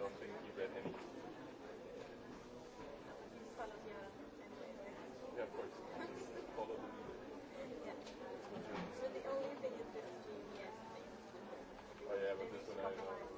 don't think he read any. Yeah, of course. Just follow the leader. Yeah. So the only thing is this yes. Oh yeah, but this one I know.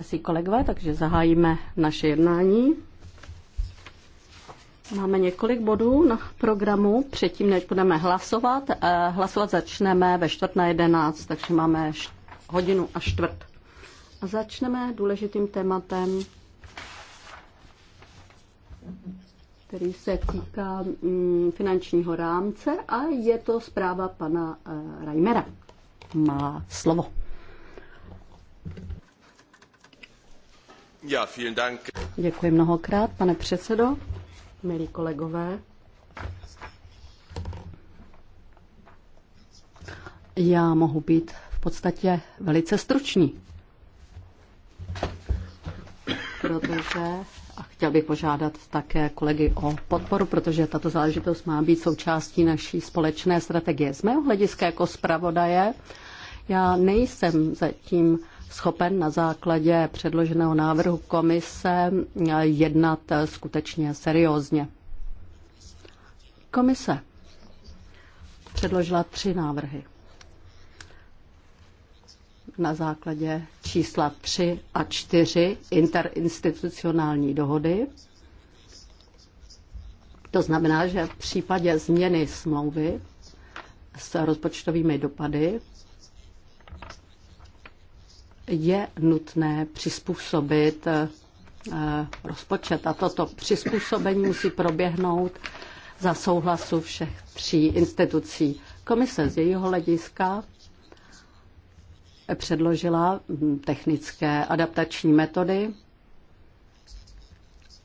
Asi kolegové, takže zahájíme naše jednání. Máme několik bodů na programu. Předtím, než budeme hlasovat, eh, hlasovat začneme ve čtvrt na jedenáct, takže máme hodinu a čtvrt. A začneme důležitým tématem který se týká mm, finančního rámce a je to zpráva pana eh, Reimera. Má slovo. Ja, vielen Dank. Děkuji mnohokrát, pane předsedo, milí kolegové. Já mohu být v podstatě velice stručný protože a chtěl bych požádat také kolegy o podporu, protože tato záležitost má být součástí naší společné strategie. Z mého hlediska jako zpravodaje já nejsem zatím schopen na základě předloženého návrhu komise jednat skutečně seriózně. Komise předložila tři návrhy na základě čísla 3 a 4 interinstitucionální dohody. To znamená, že v případě změny smlouvy s rozpočtovými dopady je nutné přizpůsobit eh, rozpočet. A toto přizpůsobení musí proběhnout za souhlasu všech tří institucí. Komise z jejího hlediska předložila hm, technické adaptační metody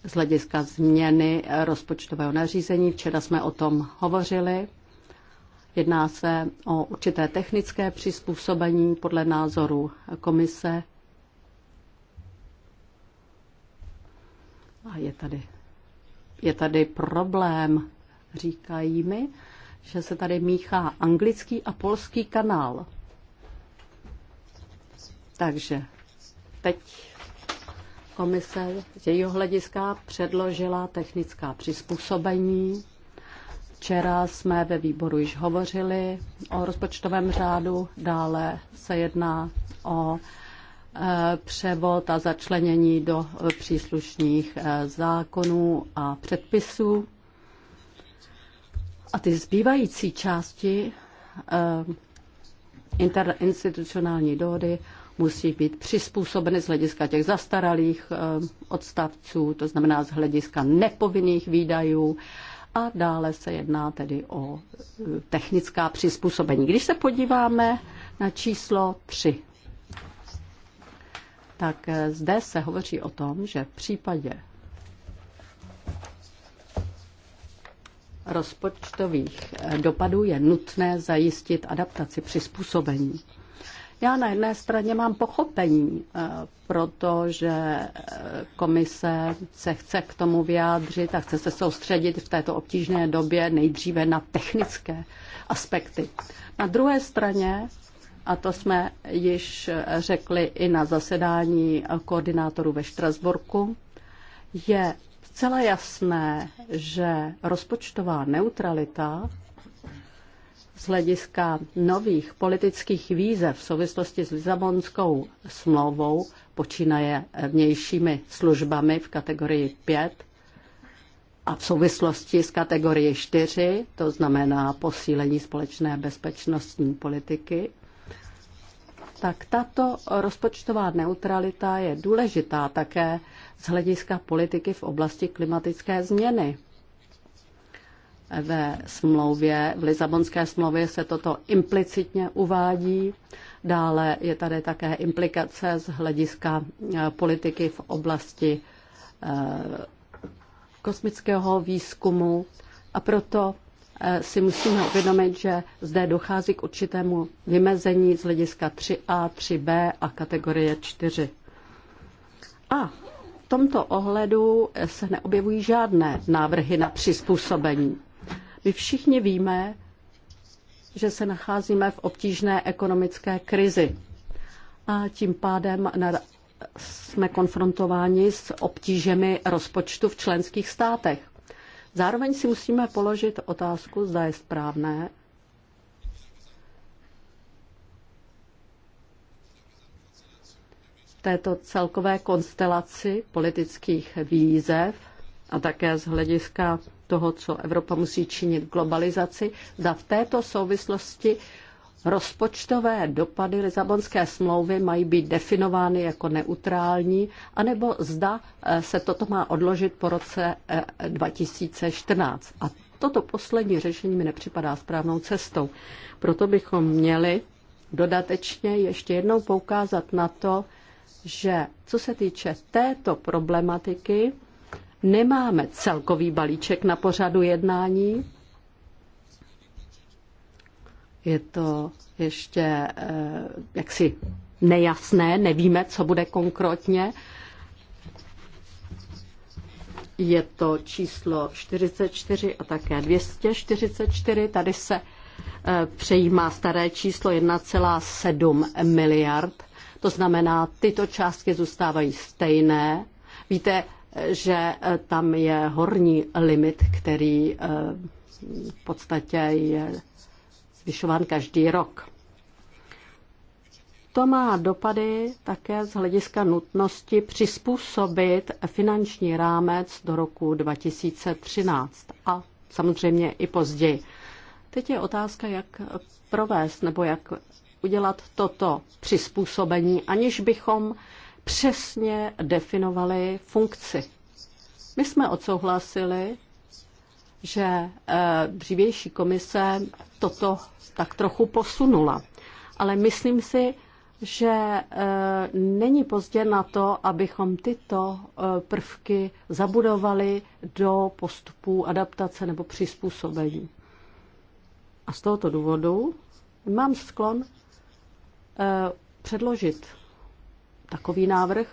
z hlediska změny rozpočtového nařízení. Včera jsme o tom hovořili. Jedná se o určité technické přizpůsobení podle názoru komise. A je tady, je tady problém, říkají mi, že se tady míchá anglický a polský kanál. Takže teď komise z jejího hlediska předložila technická přizpůsobení. Včera jsme ve výboru již hovořili o rozpočtovém řádu, dále se jedná o e, převod a začlenění do e, příslušných e, zákonů a předpisů. A ty zbývající části interinstitucionální dohody musí být přizpůsobeny z hlediska těch zastaralých eh, odstavců, to znamená z hlediska nepovinných výdajů a dále se jedná tedy o eh, technická přizpůsobení. Když se podíváme na číslo 3, tak eh, zde se hovoří o tom, že v případě rozpočtových dopadů je nutné zajistit adaptaci přizpůsobení. Já na jedné straně mám pochopení, eh, protože eh, komise se chce k tomu vyjádřit a chce se soustředit v této obtížné době nejdříve na technické aspekty. Na druhé straně, a to jsme již eh, řekli i na zasedání koordinátorů ve Štrasburku, je zcela jasné, že rozpočtová neutralita z hlediska nových politických výzev v souvislosti s Lisabonskou smlouvou, počínaje vnějšími službami v kategorii 5 a v souvislosti s kategorii 4, to znamená posílení společné bezpečnostní politiky, tak tato rozpočtová neutralita je důležitá také z hlediska politiky v oblasti klimatické změny ve smlouvě, v Lisabonské smlouvě se toto implicitně uvádí. Dále je tady také implikace z hlediska eh, politiky v oblasti eh, kosmického výzkumu a proto eh, si musíme uvědomit, že zde dochází k určitému vymezení z hlediska 3A, 3B a kategorie 4. A v tomto ohledu se neobjevují žádné návrhy na přizpůsobení. My všichni víme, že se nacházíme v obtížné ekonomické krizi a tím pádem jsme konfrontováni s obtížemi rozpočtu v členských státech. Zároveň si musíme položit otázku, zda je správné, této celkové konstelaci politických výzev a také z hlediska toho, co Evropa musí činit globalizaci, zda v této souvislosti rozpočtové dopady Lisabonské smlouvy mají být definovány jako neutrální, anebo zda eh, se toto má odložit po roce 2014. Eh, A toto poslední řešení mi nepřipadá správnou cestou. Proto bychom měli dodatečně ještě jednou poukázat na to, že co se týče této problematiky, nemáme celkový balíček na pořadu jednání. Je to ještě eh, jaksi nejasné, nevíme, co bude konkrétně. Je to číslo 44 a také 244. Tady se eh, přejímá staré číslo 1,7 miliard. To znamená, tyto částky zůstávají stejné. Víte, že eh, tam je horní limit, který eh, v podstatě je zvyšován každý rok. To má dopady také z hlediska nutnosti přizpůsobit finanční rámec do roku 2013 a samozřejmě i později. Teď je otázka, jak provést nebo jak udělat toto přizpůsobení, aniž bychom přesně definovali funkci. My jsme odsouhlasili, že eh, dřívější komise toto tak trochu posunula. Ale myslím si, že eh, není pozdě na to, abychom tyto eh, prvky zabudovali do postupů adaptace nebo přizpůsobení. A z tohoto důvodu mám sklon předložit takový návrh,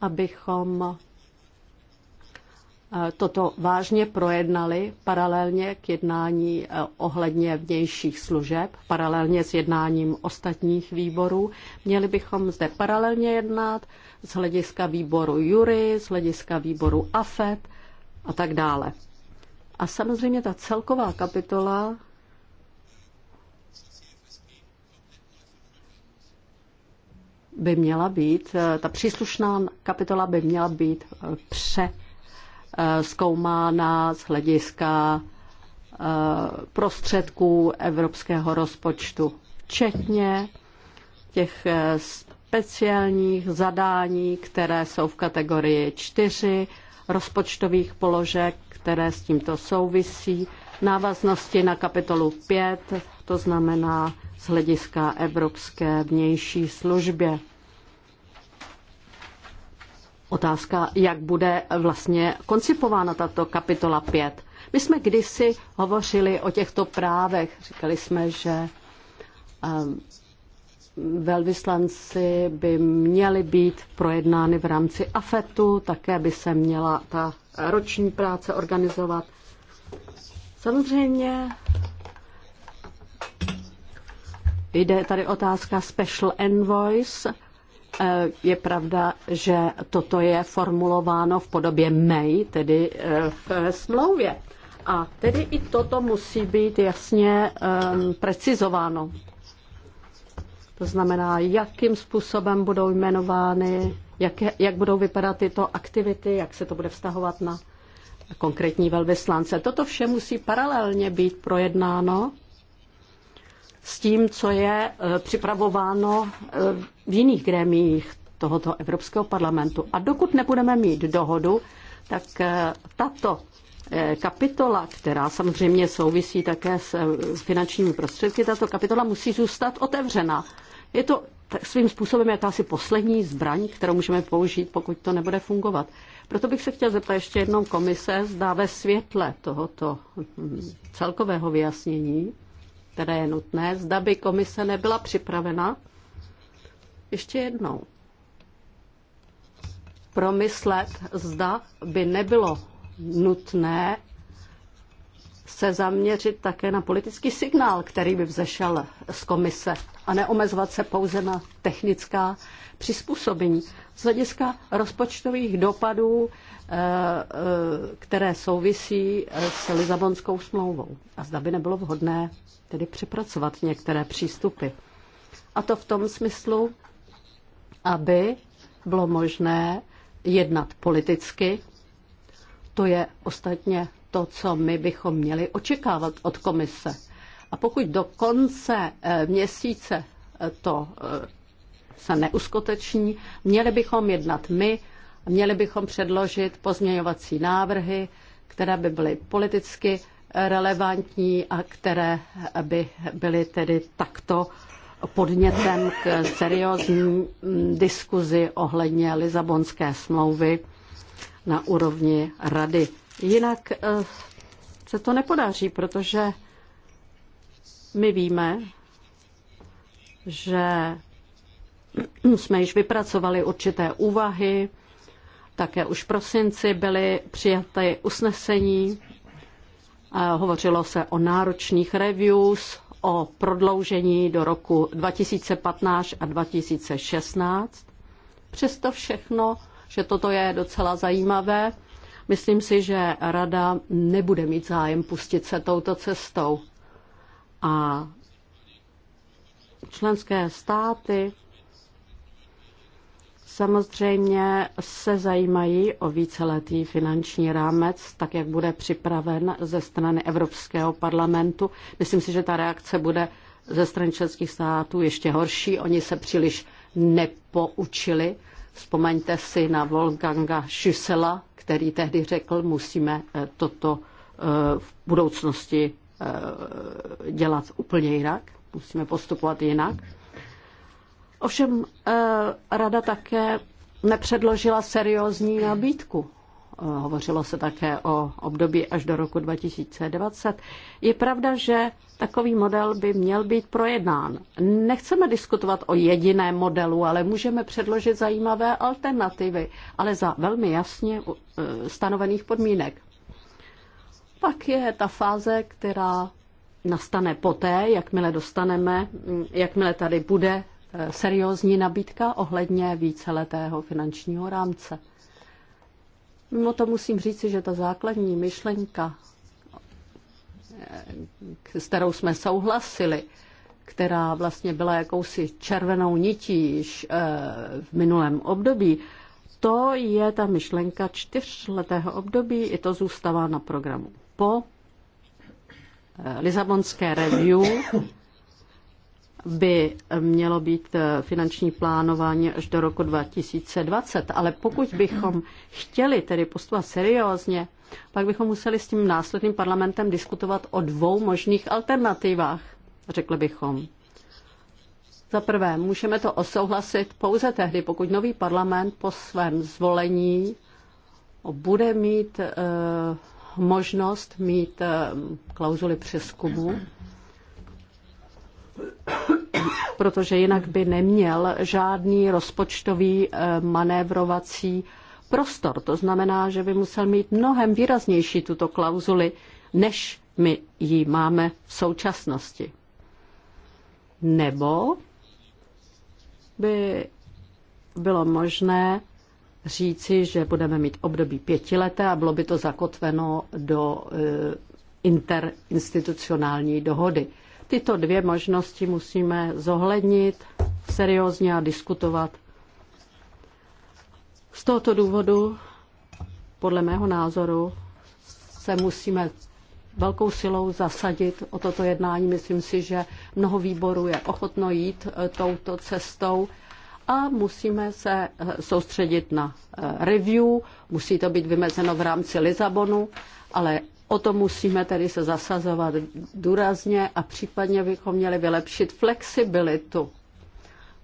abychom eh, toto vážně projednali paralelně k jednání eh, ohledně vnějších služeb, paralelně s jednáním ostatních výborů. Měli bychom zde paralelně jednat z hlediska výboru Jury, z hlediska výboru AFET a tak dále. A samozřejmě ta celková kapitola by měla být, eh, ta příslušná kapitola by měla být eh, přeskoumána eh, z hlediska prostředků evropského rozpočtu, včetně těch speciálních zadání, které jsou v kategorii 4, rozpočtových položek, které s tímto souvisí, návaznosti na kapitolu 5, to znamená z hlediska evropské vnější službě. Otázka, jak bude vlastně koncipována tato kapitola 5. My jsme kdysi hovořili o těchto právech. Říkali jsme, že ehm, velvyslanci by měli být projednány v rámci AFETu, také by se měla ta roční práce organizovat. Samozřejmě Jde tady otázka special envoys. Eh, je pravda, že toto je formulováno v podobě May, tedy eh, v eh, smlouvě. A tedy i toto musí být jasně ehm, precizováno. To znamená, jakým způsobem budou jmenovány, jak, je, jak budou vypadat tyto aktivity, jak se to bude vztahovat na konkrétní velvyslance. Toto vše musí paralelně být projednáno s tím, co je eh, připravováno eh, v jiných grémiích tohoto Evropského parlamentu. A dokud nebudeme mít dohodu, tak eh, tato kapitola, která samozřejmě souvisí také s finančními prostředky, tato kapitola musí zůstat otevřená. Je to tak svým způsobem jakási poslední zbraň, kterou můžeme použít, pokud to nebude fungovat. Proto bych se chtěl zeptat ještě jednou komise, zdá ve světle tohoto hm, celkového vyjasnění, které je nutné, zda by komise nebyla připravena ještě jednou promyslet, zda by nebylo nutné se zaměřit také na politický signál, který by vzešel z komise a neomezovat se pouze na technická přizpůsobení. Z hlediska rozpočtových dopadů, eh, eh, které souvisí eh, s Lizabonskou smlouvou. A zda by nebylo vhodné tedy přepracovat některé přístupy. A to v tom smyslu, aby bylo možné jednat politicky. To je ostatně to, co my bychom měli očekávat od komise. A pokud do konce eh, měsíce eh, to eh, se neuskuteční, měli bychom jednat my, měli bychom předložit pozměňovací návrhy, které by byly politicky relevantní a které by byly tedy takto podnětem k seriózní mm, diskuzi ohledně Lisabonské smlouvy na úrovni rady. Jinak eh, se to nepodaří, protože my víme, že jsme již vypracovali určité úvahy, také už v prosinci byly přijaty usnesení, hovořilo se o náročných reviews, o prodloužení do roku 2015 a 2016. Přesto všechno, že toto je docela zajímavé, Myslím si, že rada nebude mít zájem pustit se touto cestou. A členské státy samozřejmě se zajímají o víceletý finanční rámec, tak jak bude připraven ze strany Evropského parlamentu. Myslím si, že ta reakce bude ze strany českých států ještě horší. Oni se příliš nepoučili. Vzpomeňte si na Wolfganga Schüssela, který tehdy řekl, musíme eh, toto eh, v budoucnosti eh, dělat úplně jinak, musíme postupovat jinak. Ovšem, rada také nepředložila seriózní nabídku hovořilo se také o období až do roku 2020. Je pravda, že takový model by měl být projednán. Nechceme diskutovat o jediném modelu, ale můžeme předložit zajímavé alternativy, ale za velmi jasně e, stanovených podmínek. Pak je ta fáze, která nastane poté, jakmile dostaneme, jakmile tady bude e, seriózní nabídka ohledně víceletého finančního rámce. Mimo to musím říci, že ta základní myšlenka, eh, s kterou jsme souhlasili, která vlastně byla jakousi červenou nití již eh, v minulém období, to je ta myšlenka čtyřletého období, i to zůstává na programu. Po eh, Lisabonské review by mělo být eh, finanční plánování až do roku 2020, ale pokud bychom chtěli tedy postupovat seriózně, pak bychom museli s tím následným parlamentem diskutovat o dvou možných alternativách, řekli bychom. Za prvé, můžeme to osouhlasit pouze tehdy, pokud nový parlament po svém zvolení eh, bude mít e, možnost mít e, klauzuly přeskumu protože jinak by neměl žádný rozpočtový eh, manévrovací prostor. To znamená, že by musel mít mnohem výraznější tuto klauzuli, než my ji máme v současnosti. Nebo by bylo možné říci, že budeme mít období pětileté a bylo by to zakotveno do eh, interinstitucionální dohody. Tyto dvě možnosti musíme zohlednit, seriózně a diskutovat. Z tohoto důvodu, podle mého názoru, se musíme velkou silou zasadit o toto jednání. Myslím si, že mnoho výborů je ochotno jít eh, touto cestou a musíme se eh, soustředit na eh, review, musí to být vymezeno v rámci Lisabonu, ale O to musíme tedy se zasazovat důrazně a případně bychom měli vylepšit flexibilitu.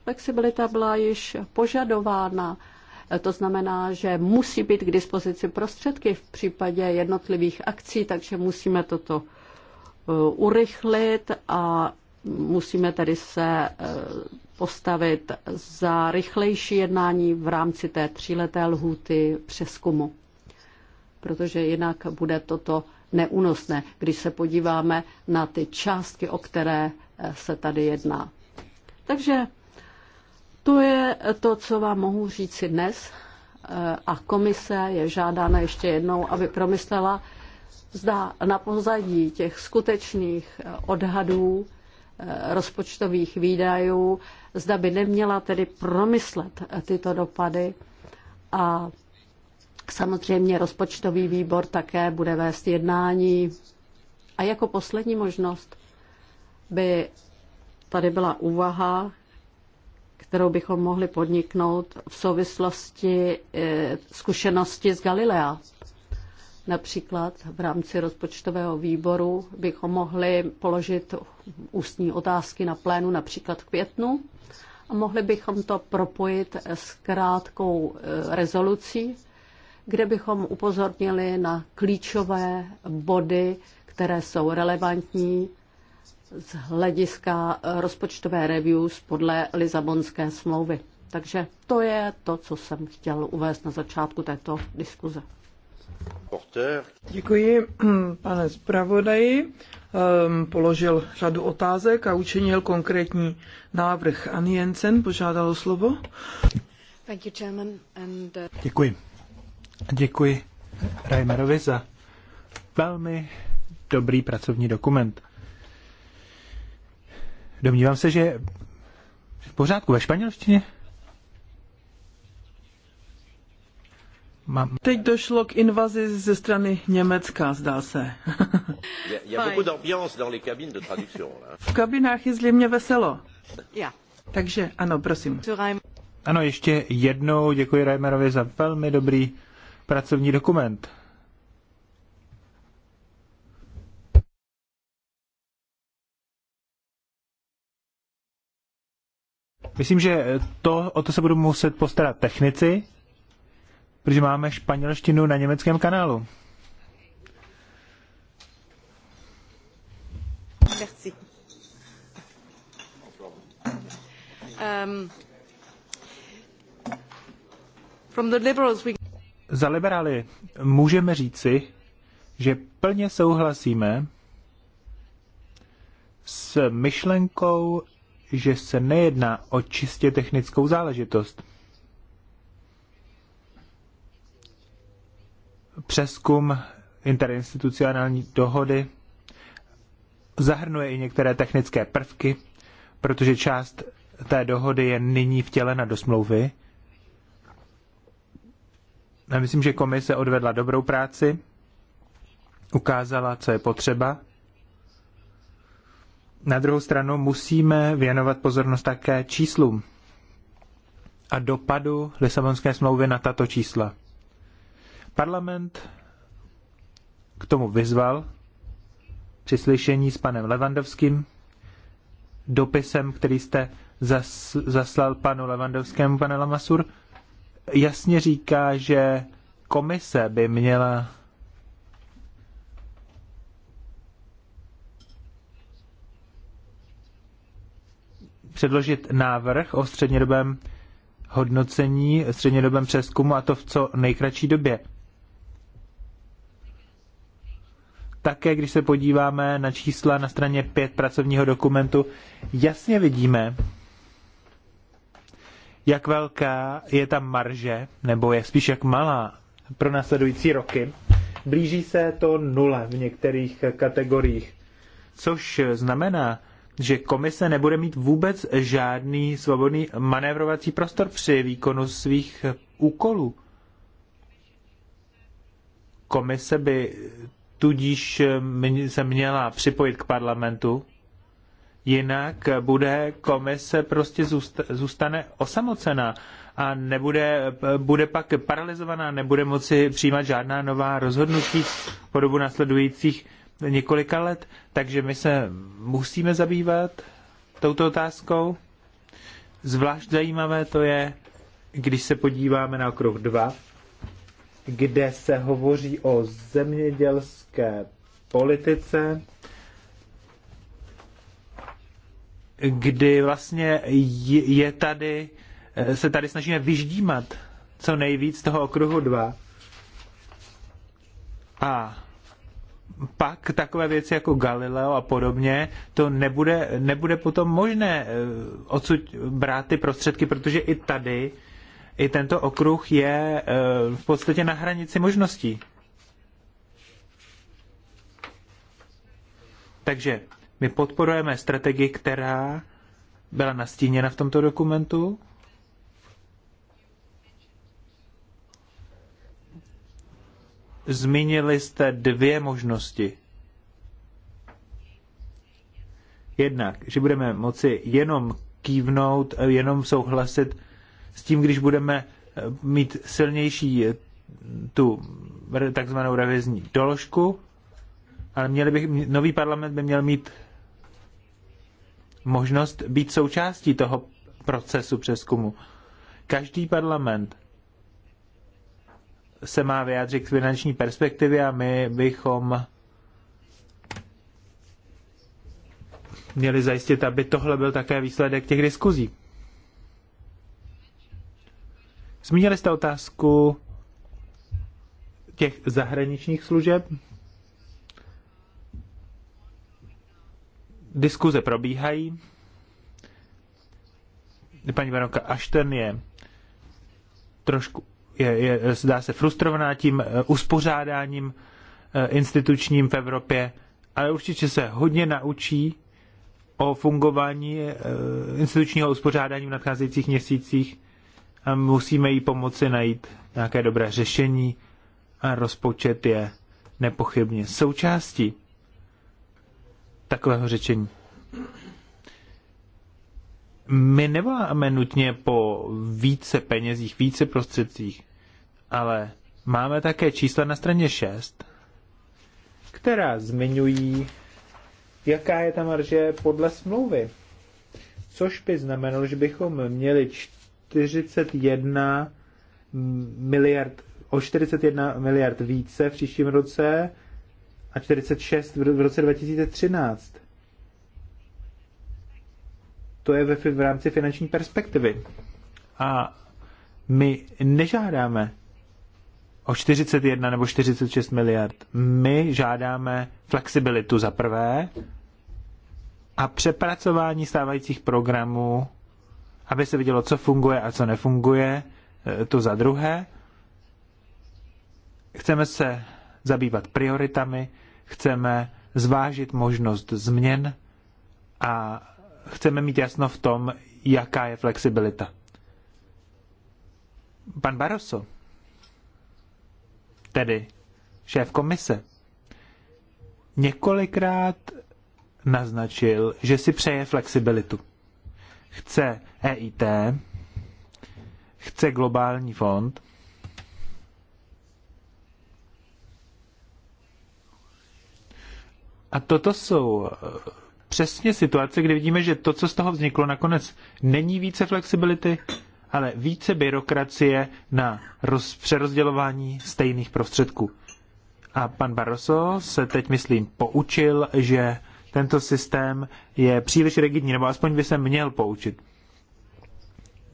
Flexibilita byla již požadována. To znamená, že musí být k dispozici prostředky v případě jednotlivých akcí, takže musíme toto eh, urychlit a musíme tedy se eh, postavit za rychlejší jednání v rámci té tříleté lhůty přeskumu, protože jinak bude toto neúnosné, když se podíváme na ty částky, o které eh, se tady jedná. Takže to je to, co vám mohu říci dnes. Eh, a komise je žádána ještě jednou, aby promyslela, zda na pozadí těch skutečných eh, odhadů rozpočtových výdajů, zda by neměla tedy promyslet tyto dopady a Samozřejmě rozpočtový výbor také bude vést jednání. A jako poslední možnost by tady byla úvaha, kterou bychom mohli podniknout v souvislosti eh, zkušenosti z Galilea. Například v rámci rozpočtového výboru bychom mohli položit ústní otázky na plénu například v květnu a mohli bychom to propojit s krátkou eh, rezolucí, kde bychom upozornili na klíčové body, které jsou relevantní z hlediska eh, rozpočtové reviews podle Lisabonské smlouvy. Takže to je to, co jsem chtěl uvést na začátku této diskuze. Děkuji, pane zpravodaji. Ehm, položil řadu otázek a učinil konkrétní návrh. Ani Jensen o slovo. Uh, Děkuji, Děkuji Reimerovi za velmi dobrý pracovní dokument. Domnívám se, že v pořádku ve španělštině? Mám. Teď došlo k invazi ze strany Německa, zdá se. v kabinách je zřejmě veselo. Takže ano, prosím. Ano, ještě jednou děkuji Reimerovi za velmi dobrý pracovní dokument. Myslím, že to, o to se budou muset postarat technici, protože máme španělštinu na německém kanálu. Merci. Um, from the liberals we za liberály můžeme říci, že plně souhlasíme s myšlenkou, že se nejedná o čistě technickou záležitost. Přeskum interinstitucionální dohody zahrnuje i některé technické prvky, protože část té dohody je nyní vtělena do smlouvy já myslím, že komise odvedla dobrou práci, ukázala, co je potřeba. Na druhou stranu musíme věnovat pozornost také číslům a dopadu Lisabonské smlouvy na tato čísla. Parlament k tomu vyzval při slyšení s panem Levandovským, dopisem, který jste zaslal panu Levandovskému, pane Lamasur, jasně říká, že komise by měla předložit návrh o střednědobém hodnocení, střednědobém přeskumu a to v co nejkratší době. Také, když se podíváme na čísla na straně 5 pracovního dokumentu, jasně vidíme, jak velká je ta marže, nebo je spíš jak malá pro následující roky. Blíží se to nule v některých kategoriích, což znamená, že komise nebude mít vůbec žádný svobodný manévrovací prostor při výkonu svých úkolů. Komise by tudíž eh, se měla připojit k parlamentu Jinak bude komise prostě zůstane osamocená a nebude, bude pak paralizovaná, nebude moci přijímat žádná nová rozhodnutí po dobu následujících několika let. Takže my se musíme zabývat touto otázkou. Zvlášť zajímavé to je, když se podíváme na okruh 2, kde se hovoří o zemědělské politice kdy vlastně je tady, eh, se tady snažíme vyždímat co nejvíc toho okruhu 2. A pak takové věci jako Galileo a podobně, to nebude, nebude potom možné eh, odsud brát ty prostředky, protože i tady, i tento okruh je eh, v podstatě na hranici možností. Takže my podporujeme strategii, která byla nastíněna v tomto dokumentu. Zmínili jste dvě možnosti. Jednak, že budeme moci jenom kývnout, jenom souhlasit s tím, když budeme eh, mít silnější eh, tu takzvanou revizní doložku, ale měli bych, nový parlament by měl mít možnost být součástí toho procesu přeskumu. Každý parlament se má vyjádřit k finanční perspektivě a my bychom měli zajistit, aby tohle byl také výsledek těch diskuzí. Zmínili jste otázku těch zahraničních služeb, Diskuze probíhají. Paní baronka Ashton je trošku, je, je, zdá se frustrovaná tím eh, uspořádáním eh, institučním v Evropě, ale určitě se hodně naučí o fungování eh, institučního uspořádání v nadcházejících měsících. A musíme jí pomoci najít nějaké dobré řešení a rozpočet je nepochybně součástí takového řečení. My nevoláme nutně po více penězích, více prostředcích, ale máme také čísla na straně 6, která zmiňují, jaká je ta marže podle smlouvy. Což by znamenalo, že bychom měli 41 miliard, o 41 miliard více v příštím roce a 46 v roce 2013. To je ve, v rámci finanční perspektivy. A my nežádáme o 41 nebo 46 miliard. My žádáme flexibilitu za prvé a přepracování stávajících programů, aby se vidělo, co funguje a co nefunguje, e, to za druhé. Chceme se zabývat prioritami, chceme zvážit možnost změn a chceme mít jasno v tom, jaká je flexibilita. Pan Barroso, tedy šéf komise, několikrát naznačil, že si přeje flexibilitu. Chce EIT, chce globální fond, A toto jsou eh, přesně situace, kdy vidíme, že to, co z toho vzniklo, nakonec není více flexibility, ale více byrokracie na roz, přerozdělování stejných prostředků. A pan Barroso se teď, myslím, poučil, že tento systém je příliš rigidní, nebo aspoň by se měl poučit.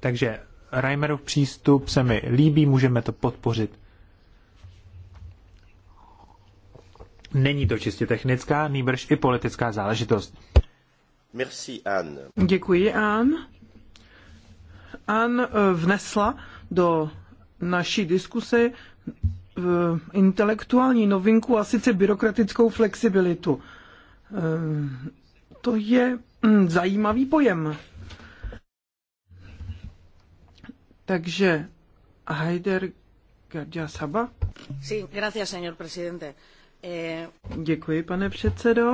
Takže Reimerův přístup se mi líbí, můžeme to podpořit. Není to čistě technická, nýbrž i politická záležitost. Merci, Anne. Děkuji, Anne. Anne eh, vnesla do naší diskuse eh, intelektuální novinku a sice byrokratickou flexibilitu. Eh, to je hm, zajímavý pojem. Takže Heider Gardia Saba. Sí, gracias, señor presidente. Eh, Děkuji, pane předsedo.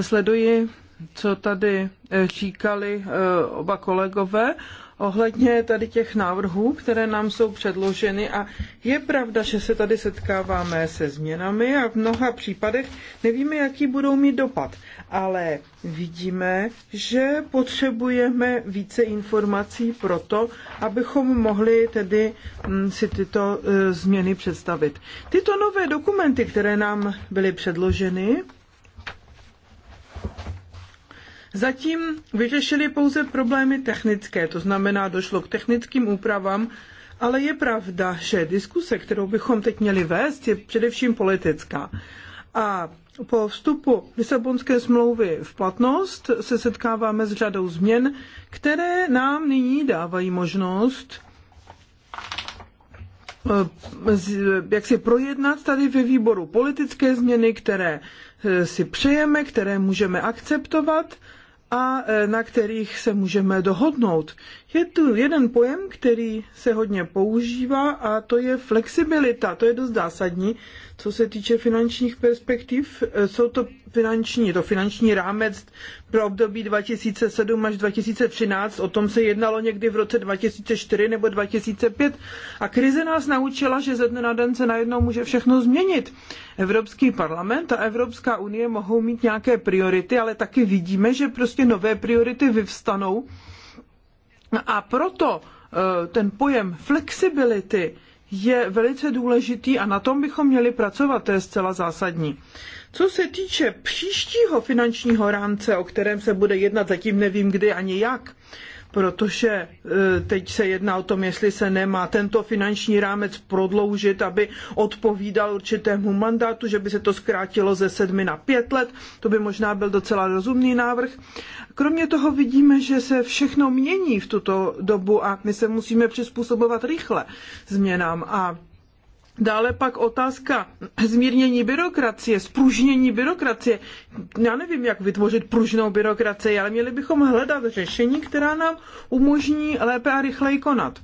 Sleduji, co tady říkali eh, oba kolegové ohledně tady těch návrhů, které nám jsou předloženy a je pravda, že se tady setkáváme se změnami a v mnoha případech nevíme, jaký budou mít dopad, ale vidíme, že potřebujeme více informací pro to, abychom mohli tedy mm, si tyto e, změny představit. Tyto nové dokumenty, které nám byly předloženy, Zatím vyřešili pouze problémy technické, to znamená, došlo k technickým úpravám, ale je pravda, že diskuse, kterou bychom teď měli vést, je především politická. A po vstupu Lisabonské smlouvy v platnost se setkáváme s řadou změn, které nám nyní dávají možnost eh, jak si projednat tady ve výboru politické změny, které eh, si přejeme, které můžeme akceptovat a e, na kterých se můžeme dohodnout. Je tu jeden pojem, který se hodně používá a to je flexibilita. To je dost zásadní, co se týče finančních perspektiv. E, jsou to finanční, je to finanční rámec pro období 2007 až 2013. O tom se jednalo někdy v roce 2004 nebo 2005. A krize nás naučila, že ze dne na den se najednou může všechno změnit. Evropský parlament a Evropská unie mohou mít nějaké priority, ale taky vidíme, že prostě nové priority vyvstanou a proto eh, ten pojem flexibility je velice důležitý a na tom bychom měli pracovat, to je zcela zásadní. Co se týče příštího finančního rámce, o kterém se bude jednat, zatím nevím kdy ani jak, protože e, teď se jedná o tom, jestli se nemá tento finanční rámec prodloužit, aby odpovídal určitému mandátu, že by se to zkrátilo ze sedmi na pět let. To by možná byl docela rozumný návrh. Kromě toho vidíme, že se všechno mění v tuto dobu a my se musíme přizpůsobovat rychle změnám a Dále pak otázka zmírnění byrokracie, spružnění byrokracie. Já nevím, jak vytvořit pružnou byrokracii, ale měli bychom hledat řešení, která nám umožní lépe a rychleji konat.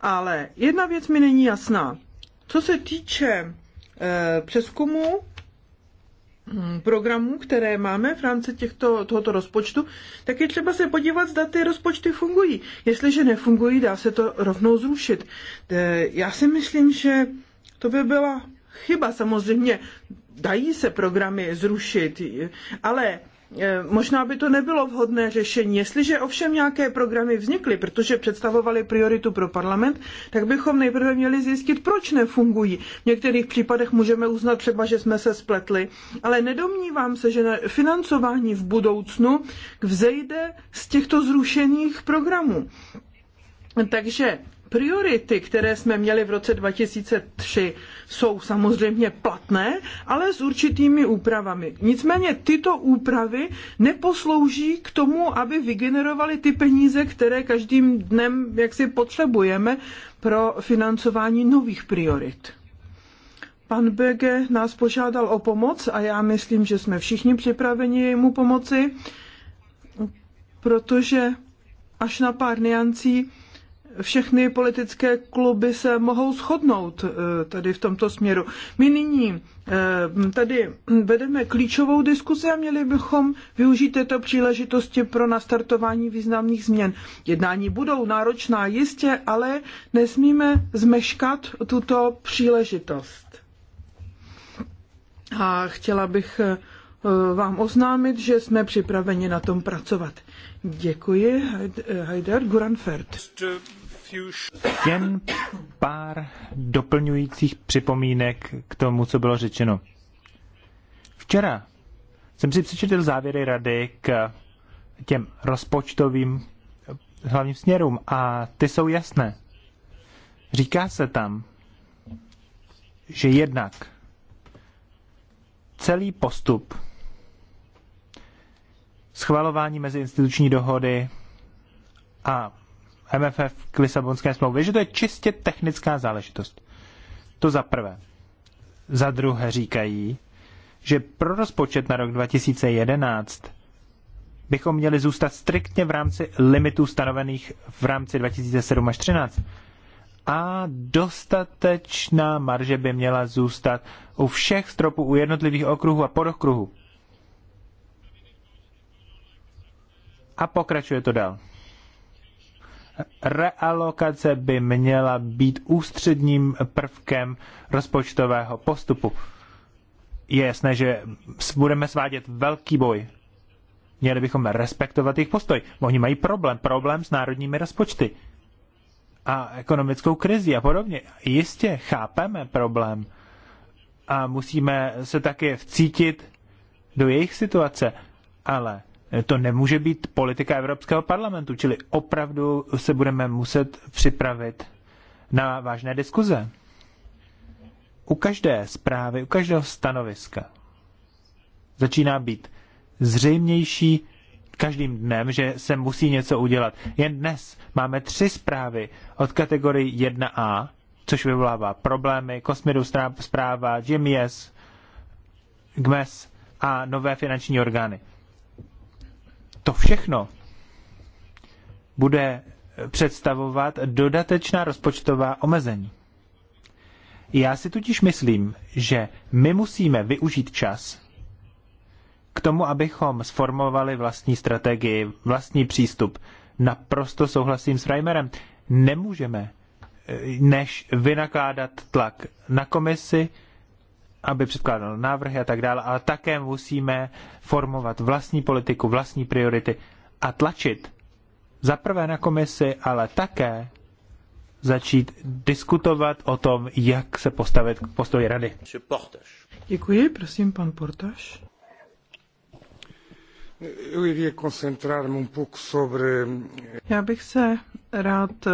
Ale jedna věc mi není jasná. Co se týče e, přeskumu Mm, programů, které máme v rámci těchto, tohoto rozpočtu, tak je třeba se podívat, zda ty rozpočty fungují. Jestliže nefungují, dá se to rovnou zrušit. Eh, já si myslím, že to by byla chyba samozřejmě. Dají se programy zrušit, ale Eh, možná by to nebylo vhodné řešení. Jestliže ovšem nějaké programy vznikly, protože představovaly prioritu pro parlament, tak bychom nejprve měli zjistit, proč nefungují. V některých případech můžeme uznat třeba, že jsme se spletli, ale nedomnívám se, že financování v budoucnu vzejde z těchto zrušených programů. Takže Priority, které jsme měli v roce 2003, jsou samozřejmě platné, ale s určitými úpravami. Nicméně tyto úpravy neposlouží k tomu, aby vygenerovaly ty peníze, které každým dnem jaksi potřebujeme pro financování nových priorit. Pan Bege nás požádal o pomoc a já myslím, že jsme všichni připraveni mu pomoci, protože až na pár niancí všechny politické kluby se mohou shodnout eh, tady v tomto směru. My nyní eh, tady vedeme klíčovou diskuzi a měli bychom využít této příležitosti pro nastartování významných změn. Jednání budou náročná jistě, ale nesmíme zmeškat tuto příležitost. A chtěla bych eh, vám oznámit, že jsme připraveni na tom pracovat. Děkuji, Haidar Guranfert. Jen pár doplňujících připomínek k tomu, co bylo řečeno. Včera jsem si přečetl závěry rady k těm rozpočtovým hlavním směrům a ty jsou jasné. Říká se tam, že jednak celý postup schvalování meziinstituční dohody a MFF k Lisabonské smlouvě, že to je čistě technická záležitost. To za prvé. Za druhé říkají, že pro rozpočet na rok 2011 bychom měli zůstat striktně v rámci limitů stanovených v rámci 2007 až 2013. A dostatečná marže by měla zůstat u všech stropů, u jednotlivých okruhů a podokruhů. A pokračuje to dál realokace by měla být ústředním prvkem rozpočtového postupu. Je jasné, že budeme svádět velký boj. Měli bychom respektovat jejich postoj. Oni mají problém, problém s národními rozpočty a ekonomickou krizi a podobně. Jistě chápeme problém a musíme se také vcítit do jejich situace, ale to nemůže být politika Evropského parlamentu, čili opravdu se budeme muset připravit na vážné diskuze. U každé zprávy, u každého stanoviska začíná být zřejmější každým dnem, že se musí něco udělat. Jen dnes máme tři zprávy od kategorii 1A, což vyvolává problémy, Kosmidu zpráva, GMS, GMES a nové finanční orgány. To všechno bude představovat dodatečná rozpočtová omezení. Já si totiž myslím, že my musíme využít čas k tomu, abychom sformovali vlastní strategii, vlastní přístup. Naprosto souhlasím s Reimerem. Nemůžeme eh, než vynakládat tlak na komisi, aby předkládal návrhy a tak dále, ale také musíme formovat vlastní politiku, vlastní priority a tlačit za prvé na komisi, ale také začít diskutovat o tom, jak se postavit k postoji rady. Děkuji, prosím, pan Portaš. Um Já bych se rád eh,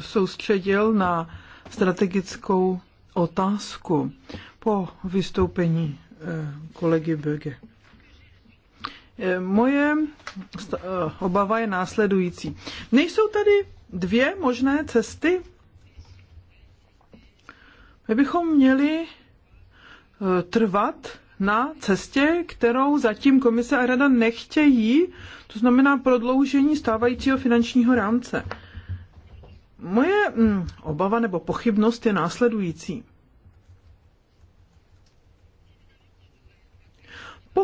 soustředil na strategickou otázku po vystoupení eh, kolegy Böge. Eh, moje eh, obava je následující. Nejsou tady dvě možné cesty? My bychom měli trvat na cestě, kterou zatím komise a rada nechtějí, to znamená prodloužení stávajícího finančního rámce. Moje mm, obava nebo pochybnost je následující.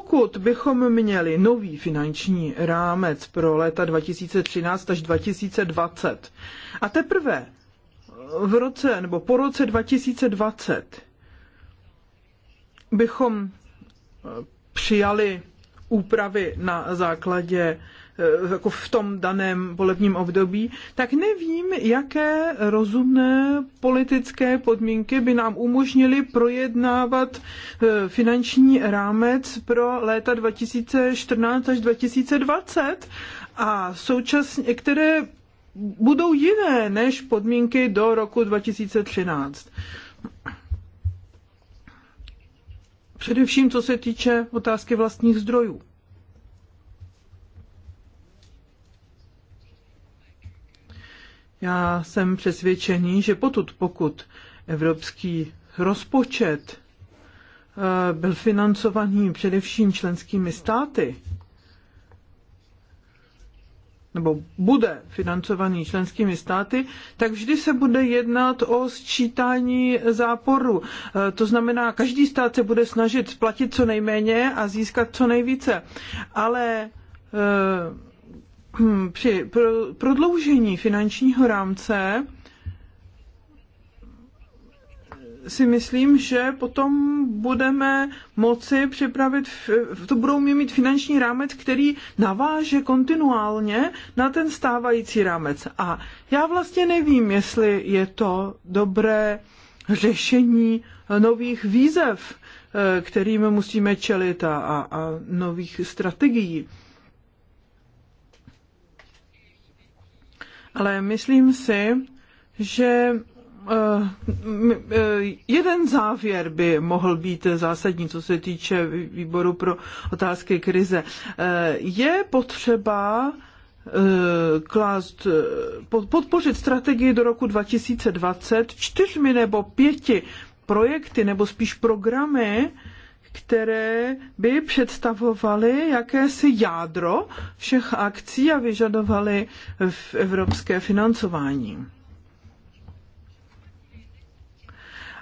Pokud bychom měli nový finanční rámec pro léta 2013 až 2020 a teprve v roce nebo po roce 2020 bychom eh, přijali úpravy na základě Eh, jako v tom daném volebním období, tak nevím, jaké rozumné politické podmínky by nám umožnily projednávat eh, finanční rámec pro léta 2014 až 2020 a současně, které budou jiné než podmínky do roku 2013. Především co se týče otázky vlastních zdrojů. Já jsem přesvědčený, že potud pokud evropský rozpočet eh, byl financovaný především členskými státy, nebo bude financovaný členskými státy, tak vždy se bude jednat o sčítání záporu. Eh, to znamená, každý stát se bude snažit platit co nejméně a získat co nejvíce. Ale eh, Hmm, při prodloužení finančního rámce si myslím, že potom budeme moci připravit, to budou mít finanční rámec, který naváže kontinuálně na ten stávající rámec. A já vlastně nevím, jestli je to dobré řešení nových výzev, eh, kterým musíme čelit a, a, a nových strategií. ale myslím si, že eh, eh, jeden závěr by mohl být zásadní, co se týče výboru pro otázky krize. Eh, je potřeba klást, podpořit strategii do roku 2020 čtyřmi nebo pěti projekty nebo spíš programy, které by představovaly jakési jádro všech akcí a vyžadovaly evropské financování.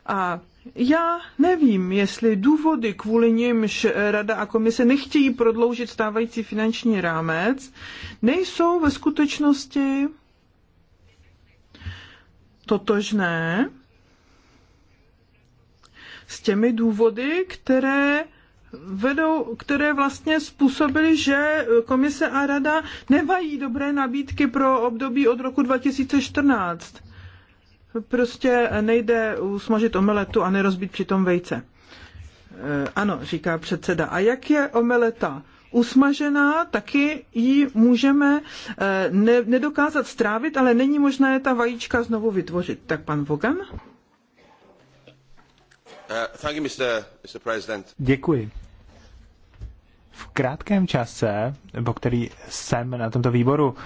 A já nevím, jestli důvody, kvůli nimž Rada a komise nechtějí prodloužit stávající finanční rámec, nejsou ve skutečnosti totožné s těmi důvody, které vedou, které vlastně způsobily, že komise a rada nevají dobré nabídky pro období od roku 2014. Prostě nejde usmažit omeletu a nerozbít přitom vejce. Eh, ano, říká předseda. A jak je omeleta? usmažená, taky ji můžeme eh, ne, nedokázat strávit, ale není možné ta vajíčka znovu vytvořit. Tak pan Vogan? Uh, Děkuji. V krátkém čase, po který jsem na tomto výboru, uh,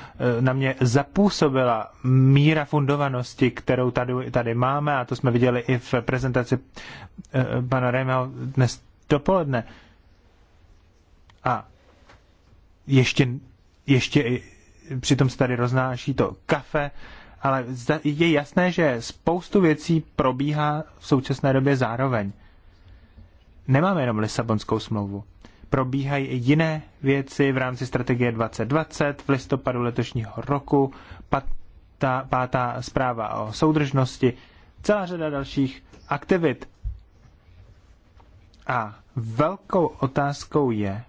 na mě zapůsobila míra fundovanosti, kterou tady, tady máme, a to jsme viděli i v prezentaci uh, pana Remeho dnes dopoledne. A ještě, ještě přitom se tady roznáší to kafe, ale je jasné, že spoustu věcí probíhá v současné době zároveň. Nemáme jenom Lisabonskou smlouvu. Probíhají i jiné věci v rámci strategie 2020 v listopadu letošního roku, pátá, pátá zpráva o soudržnosti, celá řada dalších aktivit. A velkou otázkou je,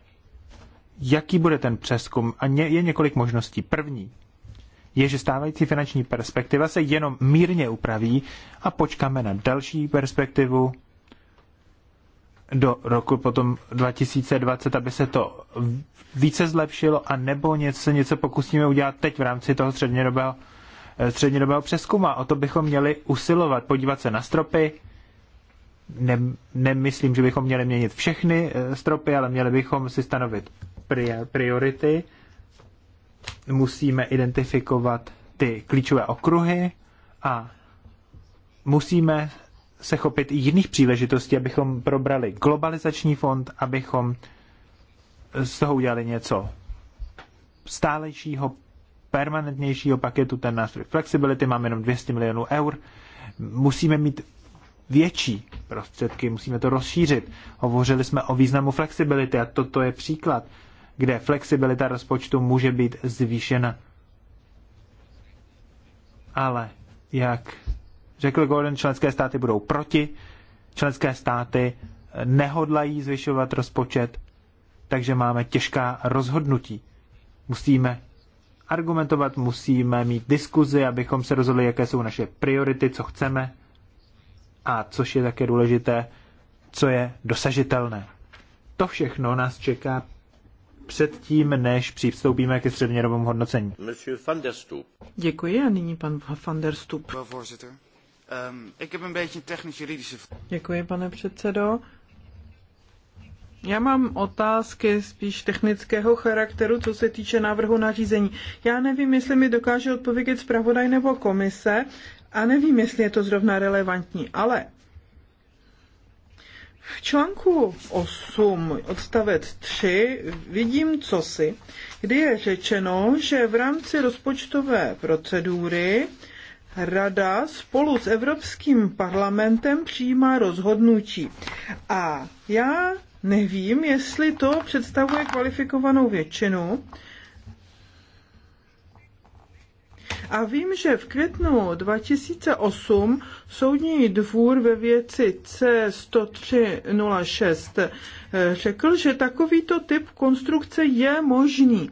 jaký bude ten přeskum. A je několik možností. První, je, že stávající finanční perspektiva se jenom mírně upraví a počkáme na další perspektivu do roku potom 2020, aby se to více zlepšilo a nebo něco, něco pokusíme udělat teď v rámci toho střednědobého, eh, střednědobého přeskumu. O to bychom měli usilovat, podívat se na stropy, ne, nemyslím, že bychom měli měnit všechny eh, stropy, ale měli bychom si stanovit priority musíme identifikovat ty klíčové okruhy a musíme se chopit i jiných příležitostí, abychom probrali globalizační fond, abychom z toho udělali něco stálejšího, permanentnějšího paketu, ten nástroj flexibility, máme jenom 200 milionů eur, musíme mít větší prostředky, musíme to rozšířit. Hovořili jsme o významu flexibility a toto je příklad kde flexibilita rozpočtu může být zvýšena. Ale, jak řekl Gordon, členské státy budou proti, členské státy nehodlají zvyšovat rozpočet, takže máme těžká rozhodnutí. Musíme argumentovat, musíme mít diskuzi, abychom se rozhodli, jaké jsou naše priority, co chceme a, což je také důležité, co je dosažitelné. To všechno nás čeká předtím, než přistoupíme ke střednědobému hodnocení. Děkuji a nyní pan van der Stoep. Ehm, Děkuji, pane předsedo. Já mám otázky spíš technického charakteru, co se týče návrhu nařízení. Já nevím, jestli mi dokáže odpovědět zpravodaj nebo komise a nevím, jestli je to zrovna relevantní, ale v článku 8 odstavec 3 vidím cosi, kdy je řečeno, že v rámci rozpočtové procedury Rada spolu s Evropským parlamentem přijímá rozhodnutí. A já nevím, jestli to představuje kvalifikovanou většinu, a vím, že v květnu 2008 soudní dvůr ve věci C10306 eh, řekl, že takovýto typ konstrukce je možný.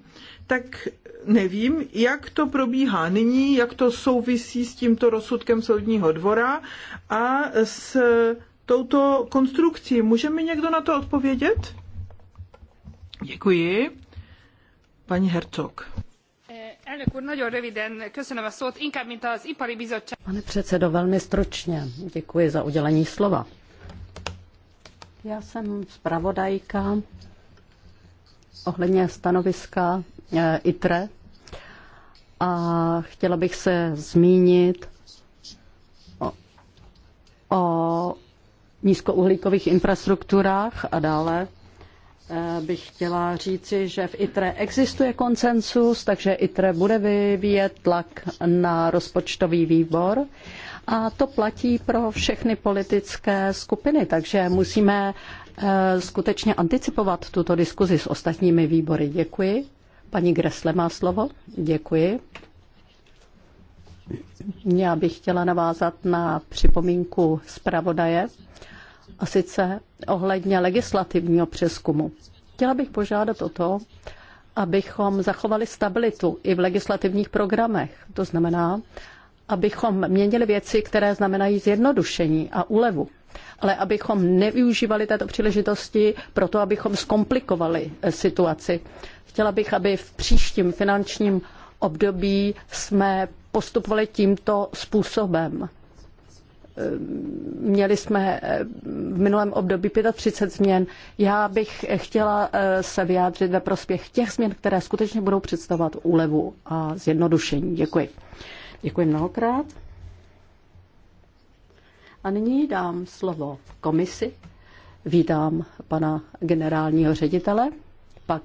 Tak nevím, jak to probíhá nyní, jak to souvisí s tímto rozsudkem soudního dvora a s touto konstrukcí. Může mi někdo na to odpovědět? Děkuji. Paní Herzog. Pane předsedo, velmi stručně. Děkuji za udělení slova. Já jsem zpravodajka ohledně stanoviska eh, ITRE a chtěla bych se zmínit o, o nízkouhlíkových infrastrukturách a dále Eh, bych chtěla říci, že v ITRE existuje konsensus, takže ITRE bude vyvíjet tlak na rozpočtový výbor. A to platí pro všechny politické skupiny, takže musíme eh, skutečně anticipovat tuto diskuzi s ostatními výbory. Děkuji. Paní Gresle má slovo. Děkuji. Já bych chtěla navázat na připomínku zpravodaje a sice ohledně legislativního přeskumu. Chtěla bych požádat o to, abychom zachovali stabilitu i v legislativních programech. To znamená, abychom měnili věci, které znamenají zjednodušení a úlevu, ale abychom nevyužívali této příležitosti pro to, abychom zkomplikovali eh, situaci. Chtěla bych, aby v příštím finančním období jsme postupovali tímto způsobem. Eh, měli jsme eh, v minulém období 35 změn. Já bych chtěla eh, se vyjádřit ve prospěch těch změn, které skutečně budou představovat úlevu a zjednodušení. Děkuji. Děkuji mnohokrát. A nyní dám slovo komisi. Vítám pana generálního ředitele. Pak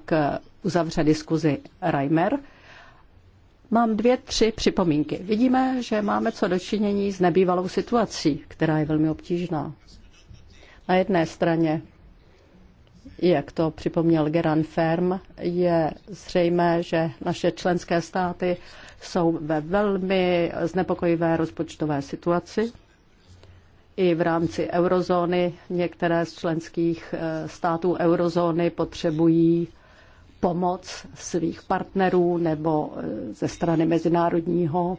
uzavře diskuzi Reimer Mám dvě, tři připomínky. Vidíme, že máme co dočinění s nebývalou situací, která je velmi obtížná. Na jedné straně, jak to připomněl Geran Ferm, je zřejmé, že naše členské státy jsou ve velmi znepokojivé rozpočtové situaci. I v rámci eurozóny některé z členských eh, států eurozóny potřebují pomoc svých partnerů nebo e, ze strany mezinárodního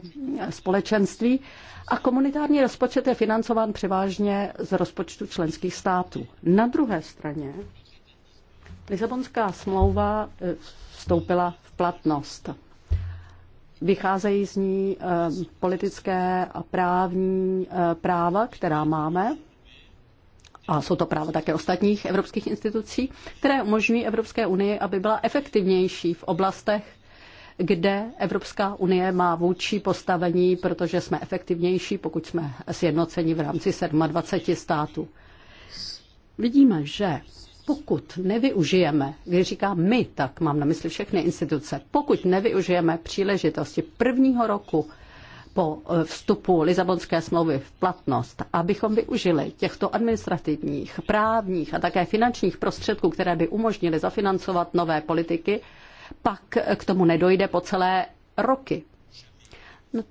společenství. A komunitární rozpočet je financován převážně z rozpočtu členských států. Na druhé straně Lisabonská smlouva e, vstoupila v platnost. Vycházejí z ní e, politické a právní práva, která máme a jsou to práva také ostatních evropských institucí, které umožňují Evropské unii, aby byla efektivnější v oblastech, kde Evropská unie má vůči postavení, protože jsme efektivnější, pokud jsme sjednoceni v rámci 27 států. Vidíme, že pokud nevyužijeme, když říkám my, tak mám na mysli všechny instituce, pokud nevyužijeme příležitosti prvního roku po eh, vstupu Lizabonské smlouvy v platnost, abychom využili těchto administrativních, právních a také finančních prostředků, které by umožnily zafinancovat nové politiky, pak k tomu nedojde po celé roky. No,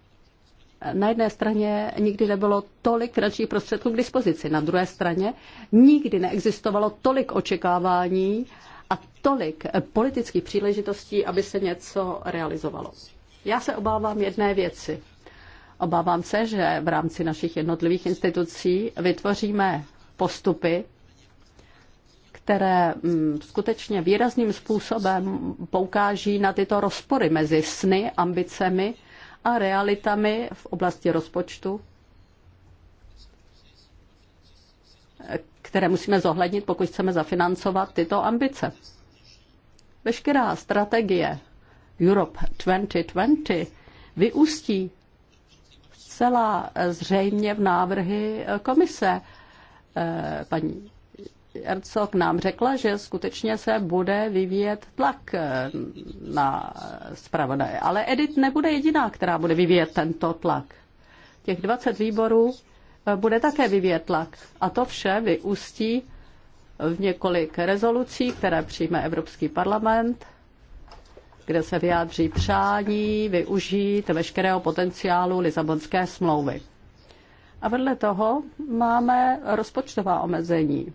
na jedné straně nikdy nebylo tolik finančních prostředků k dispozici, na druhé straně nikdy neexistovalo tolik očekávání a tolik politických příležitostí, aby se něco realizovalo. Já se obávám jedné věci. Obávám se, že v rámci našich jednotlivých institucí vytvoříme postupy, které mm, skutečně výrazným způsobem poukáží na tyto rozpory mezi sny, ambicemi a realitami v oblasti rozpočtu, které musíme zohlednit, pokud chceme zafinancovat tyto ambice. Veškerá strategie Europe 2020 vyústí zcela zřejmě v návrhy komise. Eh, paní Herzog nám řekla, že skutečně se bude vyvíjet tlak eh, na zpravodaje. Ale Edit nebude jediná, která bude vyvíjet tento tlak. Těch 20 výborů eh, bude také vyvíjet tlak. A to vše vyústí v několik rezolucí, které přijme Evropský parlament kde se vyjádří přání využít veškerého potenciálu Lisabonské smlouvy. A vedle toho máme rozpočtová omezení.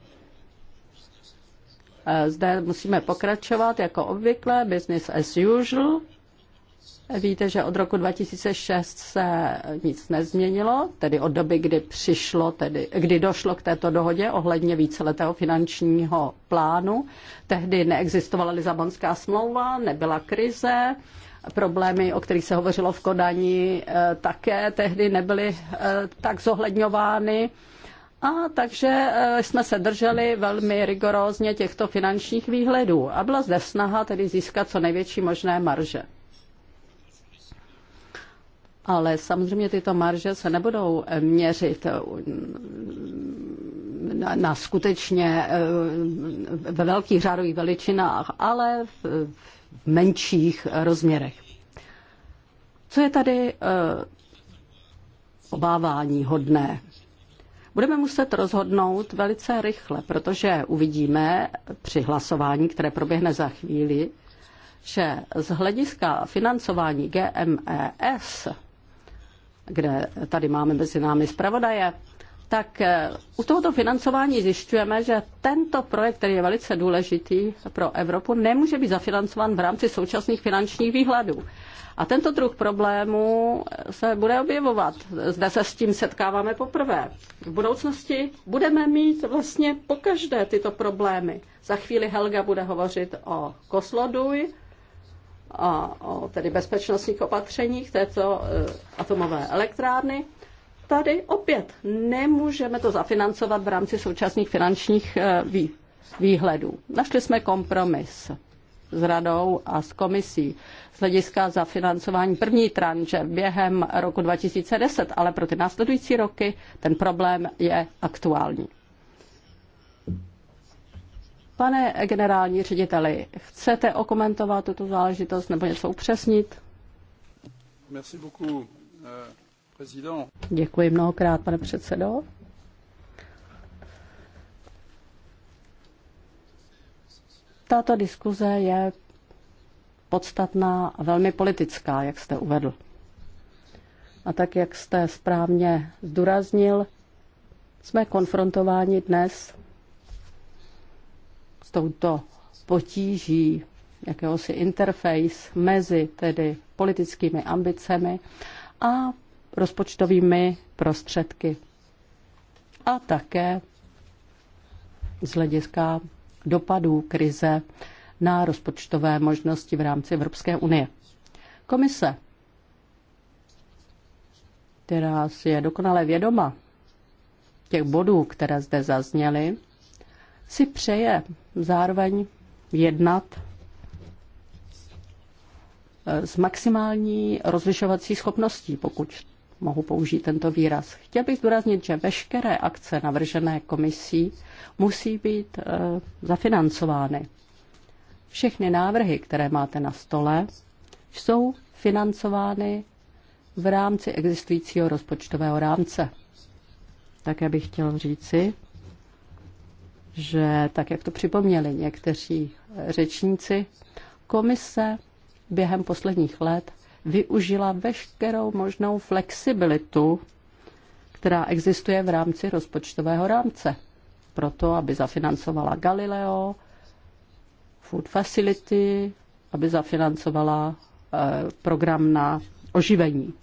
Zde musíme pokračovat jako obvykle, business as usual, Víte, že od roku 2006 se nic nezměnilo, tedy od doby, kdy, přišlo, tedy, kdy došlo k této dohodě ohledně víceletého finančního plánu. Tehdy neexistovala Lizabonská smlouva, nebyla krize, problémy, o kterých se hovořilo v Kodani, eh, také tehdy nebyly eh, tak zohledňovány. A takže eh, jsme se drželi velmi rigorózně těchto finančních výhledů a byla zde snaha tedy získat co největší možné marže ale samozřejmě tyto marže se nebudou měřit eh, na, na skutečně eh, ve velkých řádových veličinách, ale v, v menších rozměrech. Co je tady eh, obávání hodné? Budeme muset rozhodnout velice rychle, protože uvidíme při hlasování, které proběhne za chvíli, že z hlediska financování GMES kde tady máme mezi námi zpravodaje, tak eh, u tohoto financování zjišťujeme, že tento projekt, který je velice důležitý pro Evropu, nemůže být zafinancován v rámci současných finančních výhledů. A tento druh problému eh, se bude objevovat. Zde se s tím setkáváme poprvé. V budoucnosti budeme mít vlastně pokaždé tyto problémy. Za chvíli Helga bude hovořit o Kosloduj, a o tedy bezpečnostních opatřeních této e, atomové elektrárny. Tady opět nemůžeme to zafinancovat v rámci současných finančních e, výhledů. Našli jsme kompromis s radou a s komisí z hlediska zafinancování první tranže během roku 2010, ale pro ty následující roky ten problém je aktuální. Pane generální řediteli, chcete okomentovat tuto záležitost nebo něco upřesnit? Merci beaucoup, eh, président. Děkuji mnohokrát, pane předsedo. Tato diskuze je podstatná a velmi politická, jak jste uvedl. A tak, jak jste správně zdůraznil, jsme konfrontováni dnes s touto potíží jakéhosi interface mezi tedy politickými ambicemi a rozpočtovými prostředky. A také z hlediska dopadů krize na rozpočtové možnosti v rámci Evropské unie. Komise, která si je dokonale vědoma těch bodů, které zde zazněly, si přeje zároveň jednat eh, s maximální rozlišovací schopností, pokud mohu použít tento výraz. Chtěl bych zdůraznit, že veškeré akce navržené komisí musí být e, zafinancovány. Všechny návrhy, které máte na stole, jsou financovány v rámci existujícího rozpočtového rámce. Také bych chtěl říci, že, tak jak to připomněli někteří eh, řečníci, komise během posledních let využila veškerou možnou flexibilitu, která existuje v rámci rozpočtového rámce. Proto, aby zafinancovala Galileo, Food Facility, aby zafinancovala eh, program na oživení.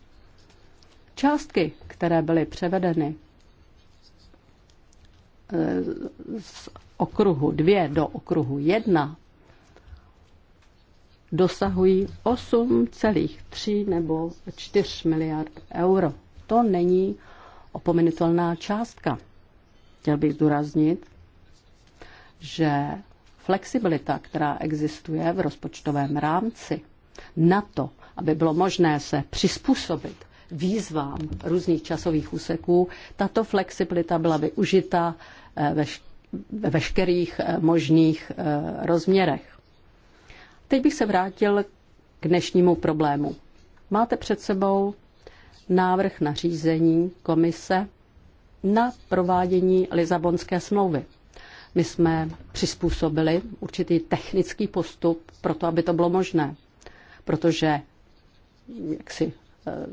Částky, které byly převedeny z okruhu 2 do okruhu 1 dosahují 8,3 nebo 4 miliard euro. To není opomenutelná částka. Chtěl bych zdůraznit, že flexibilita, která existuje v rozpočtovém rámci, na to, aby bylo možné se přizpůsobit výzvám různých časových úseků. Tato flexibilita byla využita eh, ve veškerých eh, možných eh, rozměrech. Teď bych se vrátil k dnešnímu problému. Máte před sebou návrh na řízení komise na provádění Lizabonské smlouvy. My jsme přizpůsobili určitý technický postup pro to, aby to bylo možné, protože jaksi Eh,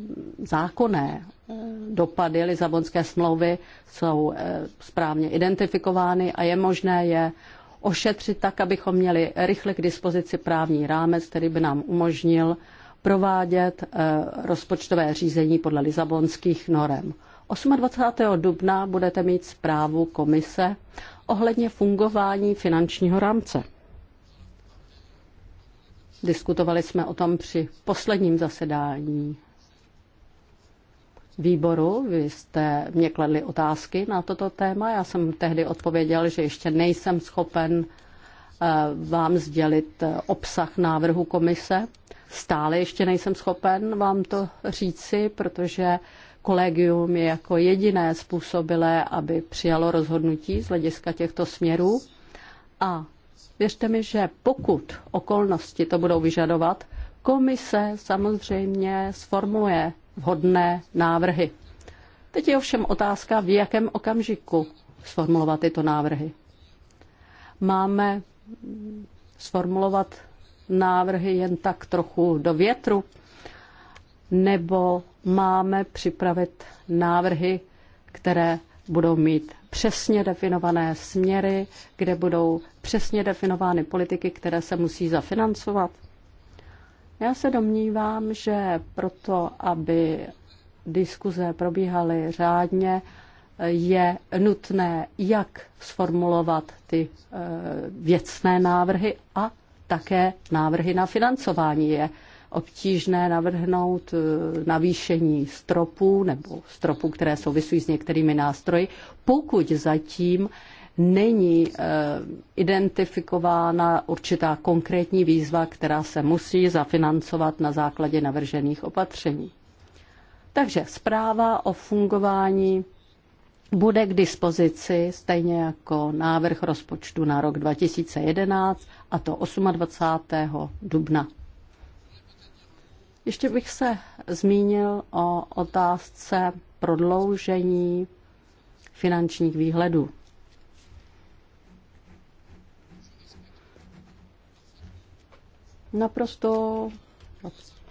zákonné eh, dopady Lisabonské smlouvy jsou eh, správně identifikovány a je možné je ošetřit tak, abychom měli rychle k dispozici právní rámec, který by nám umožnil provádět rozpočtové řízení podle lisabonských norem. 28. dubna budete mít zprávu komise ohledně fungování finančního rámce. Diskutovali jsme o tom při posledním zasedání výboru. Vy jste mě kladli otázky na toto téma. Já jsem tehdy odpověděl, že ještě nejsem schopen eh, vám sdělit eh, obsah návrhu komise. Stále ještě nejsem schopen vám to říci, protože kolegium je jako jediné způsobilé, aby přijalo rozhodnutí z hlediska těchto směrů. A věřte mi, že pokud okolnosti to budou vyžadovat, komise samozřejmě sformuje vhodné návrhy. Teď je ovšem otázka, v jakém okamžiku sformulovat tyto návrhy. Máme sformulovat návrhy jen tak trochu do větru, nebo máme připravit návrhy, které budou mít přesně definované směry, kde budou přesně definovány politiky, které se musí zafinancovat. Já se domnívám, že proto, aby diskuze probíhaly řádně, je nutné jak sformulovat ty eh, věcné návrhy a také návrhy na financování. Je obtížné navrhnout eh, navýšení stropů nebo stropů, které souvisí s některými nástroji, pokud zatím není eh, identifikována určitá konkrétní výzva, která se musí zafinancovat na základě navržených opatření. Takže zpráva o fungování bude k dispozici stejně jako návrh rozpočtu na rok 2011 a to 28. dubna. Ještě bych se zmínil o otázce prodloužení finančních výhledů. naprosto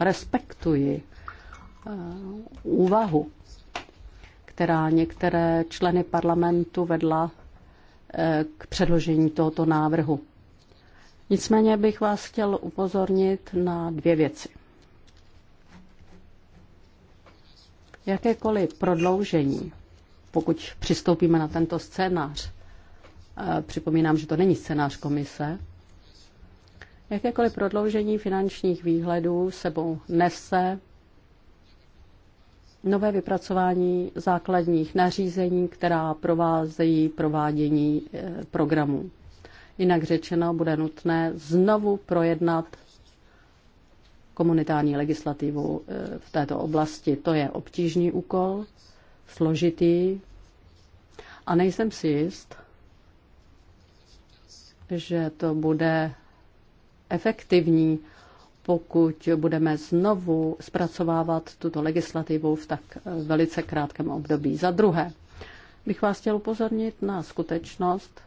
respektuji eh, úvahu, která některé členy parlamentu vedla eh, k předložení tohoto návrhu. Nicméně bych vás chtěl upozornit na dvě věci. Jakékoliv prodloužení, pokud přistoupíme na tento scénář, eh, připomínám, že to není scénář komise, Jakékoliv prodloužení finančních výhledů sebou nese nové vypracování základních nařízení, která provázejí provádění eh, programů. Jinak řečeno, bude nutné znovu projednat komunitární legislativu eh, v této oblasti. To je obtížný úkol, složitý a nejsem si jist, že to bude efektivní, pokud budeme znovu zpracovávat tuto legislativu v tak velice krátkém období. Za druhé, bych vás chtěl upozornit na skutečnost,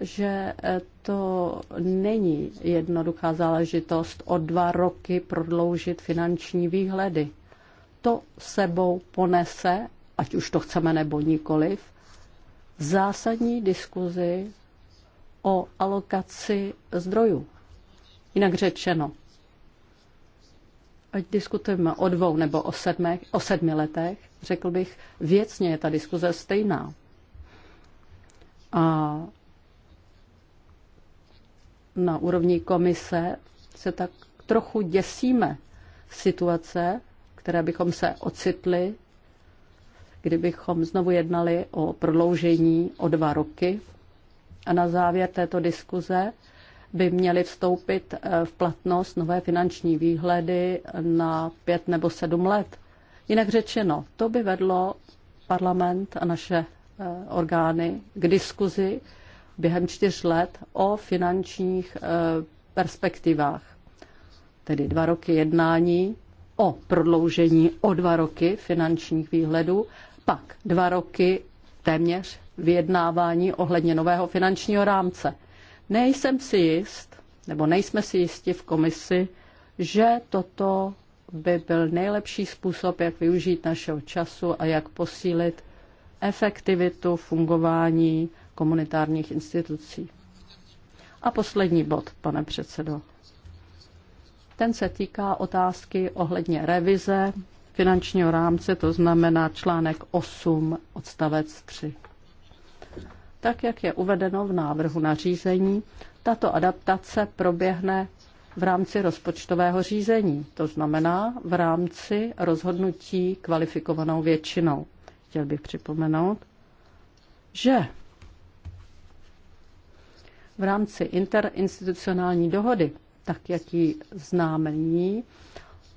že to není jednoduchá záležitost o dva roky prodloužit finanční výhledy. To sebou ponese, ať už to chceme nebo nikoliv, zásadní diskuzi o alokaci zdrojů. Jinak řečeno, ať diskutujeme o dvou nebo o, sedme, o sedmi letech, řekl bych, věcně je ta diskuze stejná. A na úrovni komise se tak trochu děsíme situace, které bychom se ocitli, kdybychom znovu jednali o prodloužení o dva roky a na závěr této diskuze by měly vstoupit eh, v platnost nové finanční výhledy na pět nebo sedm let. Jinak řečeno, to by vedlo parlament a naše eh, orgány k diskuzi během čtyř let o finančních eh, perspektivách. Tedy dva roky jednání o prodloužení o dva roky finančních výhledů, pak dva roky téměř vyjednávání ohledně nového finančního rámce. Nejsem si jist, nebo nejsme si jisti v komisi, že toto by byl nejlepší způsob, jak využít našeho času a jak posílit efektivitu fungování komunitárních institucí. A poslední bod, pane předsedo. Ten se týká otázky ohledně revize finančního rámce, to znamená článek 8 odstavec 3. Tak, jak je uvedeno v návrhu nařízení, tato adaptace proběhne v rámci rozpočtového řízení, to znamená v rámci rozhodnutí kvalifikovanou většinou. Chtěl bych připomenout, že v rámci interinstitucionální dohody, tak jak ji známe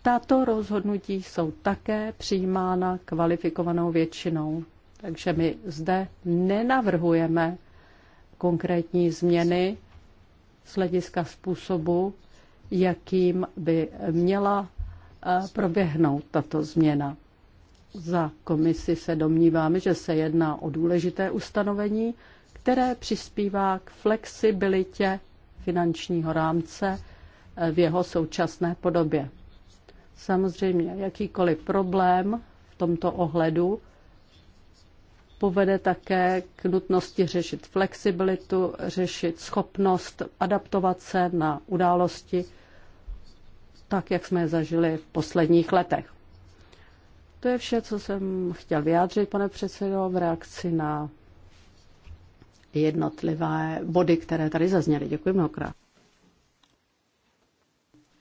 tato rozhodnutí jsou také přijímána kvalifikovanou většinou. Takže my zde nenavrhujeme konkrétní změny z hlediska způsobu, jakým by měla eh, proběhnout tato změna. Za komisi se domníváme, že se jedná o důležité ustanovení, které přispívá k flexibilitě finančního rámce eh, v jeho současné podobě. Samozřejmě jakýkoliv problém v tomto ohledu povede také k nutnosti řešit flexibilitu, řešit schopnost adaptovat se na události, tak jak jsme je zažili v posledních letech. To je vše, co jsem chtěl vyjádřit, pane předsedo, v reakci na jednotlivé body, které tady zazněly. Děkuji mnohokrát.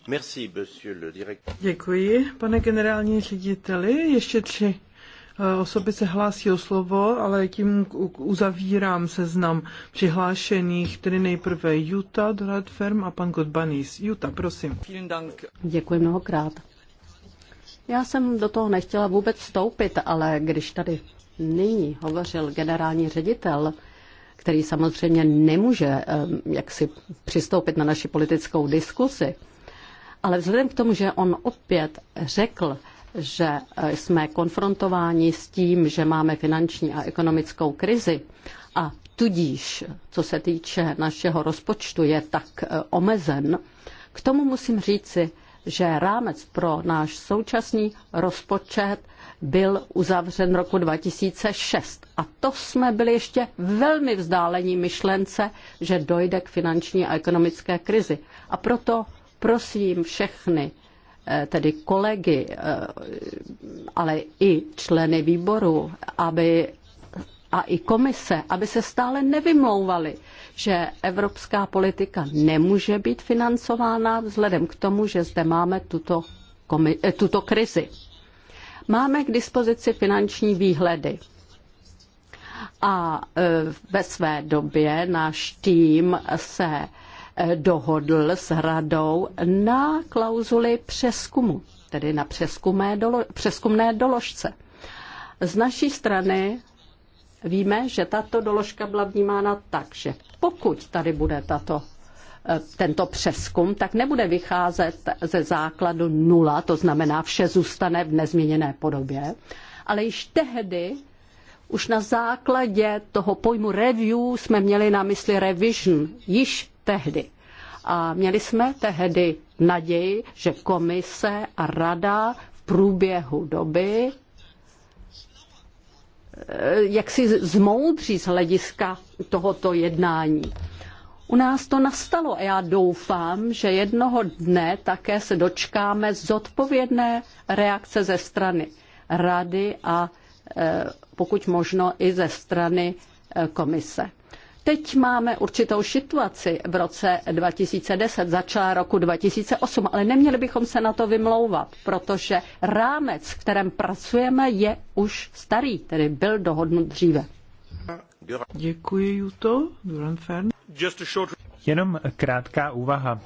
Merci, monsieur le directeur. Děkuji, pane generální řediteli. Ještě tři eh, osoby se hlásí o slovo, ale tím uzavírám seznam přihlášených, tedy nejprve Juta Doradferm a pan Godbanis. Juta, prosím. Děkuji mnohokrát. Já jsem do toho nechtěla vůbec vstoupit, ale když tady nyní hovořil generální ředitel, který samozřejmě nemůže eh, jaksi přistoupit na naši politickou diskusi, ale vzhledem k tomu, že on opět řekl, že eh, jsme konfrontováni s tím, že máme finanční a ekonomickou krizi a tudíž, co se týče našeho rozpočtu, je tak eh, omezen, k tomu musím říci, že rámec pro náš současný rozpočet byl uzavřen roku 2006. A to jsme byli ještě velmi vzdálení myšlence, že dojde k finanční a ekonomické krizi. A proto prosím všechny, eh, tedy kolegy, eh, ale i členy výboru, aby a i komise, aby se stále nevymlouvali, že evropská politika nemůže být financována vzhledem k tomu, že zde máme tuto, komi- eh, tuto krizi. Máme k dispozici finanční výhledy. A ve své době náš tým se dohodl s radou na klauzuli přeskumu, tedy na přeskumné, dolo, přeskumné doložce. Z naší strany víme, že tato doložka byla vnímána tak, že pokud tady bude tato eh, tento přeskum, tak nebude vycházet ze základu nula, to znamená vše zůstane v nezměněné podobě, ale již tehdy už na základě toho pojmu review jsme měli na mysli revision. Již tehdy. A měli jsme tehdy naději, že komise a rada v průběhu doby eh, jak si zmoudří z hlediska tohoto jednání. U nás to nastalo a já doufám, že jednoho dne také se dočkáme zodpovědné reakce ze strany rady a eh, pokud možno i ze strany eh, komise. Teď máme určitou situaci v roce 2010, začala roku 2008, ale neměli bychom se na to vymlouvat, protože rámec, v kterém pracujeme, je už starý, tedy byl dohodnut dříve. Děkuji, Juto. Jenom krátká úvaha.